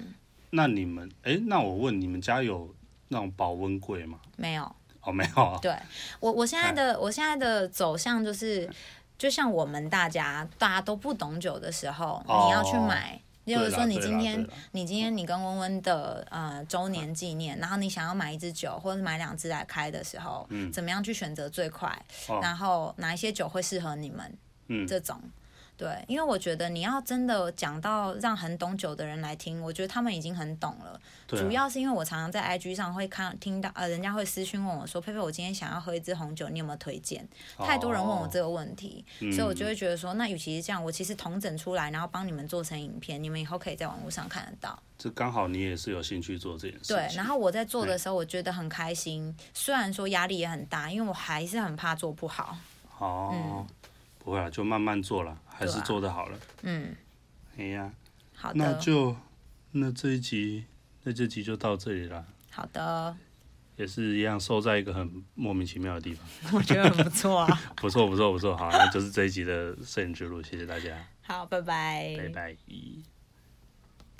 那你們，哎、欸，那我問你們家有那種保溫櫃嗎？沒有，哦，沒有、啊。對我，我現在的、哎、我現在的走向就是，就像我們大家大家都不懂酒的時候，哦哦你要去買。例如說你，你今天你今天你跟溫溫的呃週年紀念、啊，然後你想要買一支酒或者買兩支來開的時候，嗯，怎麼樣去選擇最快？哦，然後哪一些酒會適合你們？嗯，這種。對，因為我覺得你要真的講到讓很懂酒的人來聽，我覺得他們已經很懂了。啊、主要是因為我常常在 IG 上會看聽到呃，人家會私訊問我說、啊：“佩佩，我今天想要喝一支紅酒，你有沒有推薦？”哦、太多人問我這個問題、嗯，所以我就會覺得說，那與其是這樣，我其實統整出來，然後幫你們做成影片，你們以後可以在網絡上看得到。這剛好你也是有興趣做這件事。對，然後我在做的時候，我覺得很開心，雖然說壓力也很大，因為我還是很怕做不好。好、哦嗯、不會了，就慢慢做了。還是做的好了，嗯，哎呀，好的，那就那這一集，那這一集就到這裡了。好的，也是一樣收在一個很莫名其妙的地方，我覺得很不錯啊， 不錯，不錯，不錯，好啊， 那就是這一集的攝影之路，謝謝大家，好，拜拜，拜拜。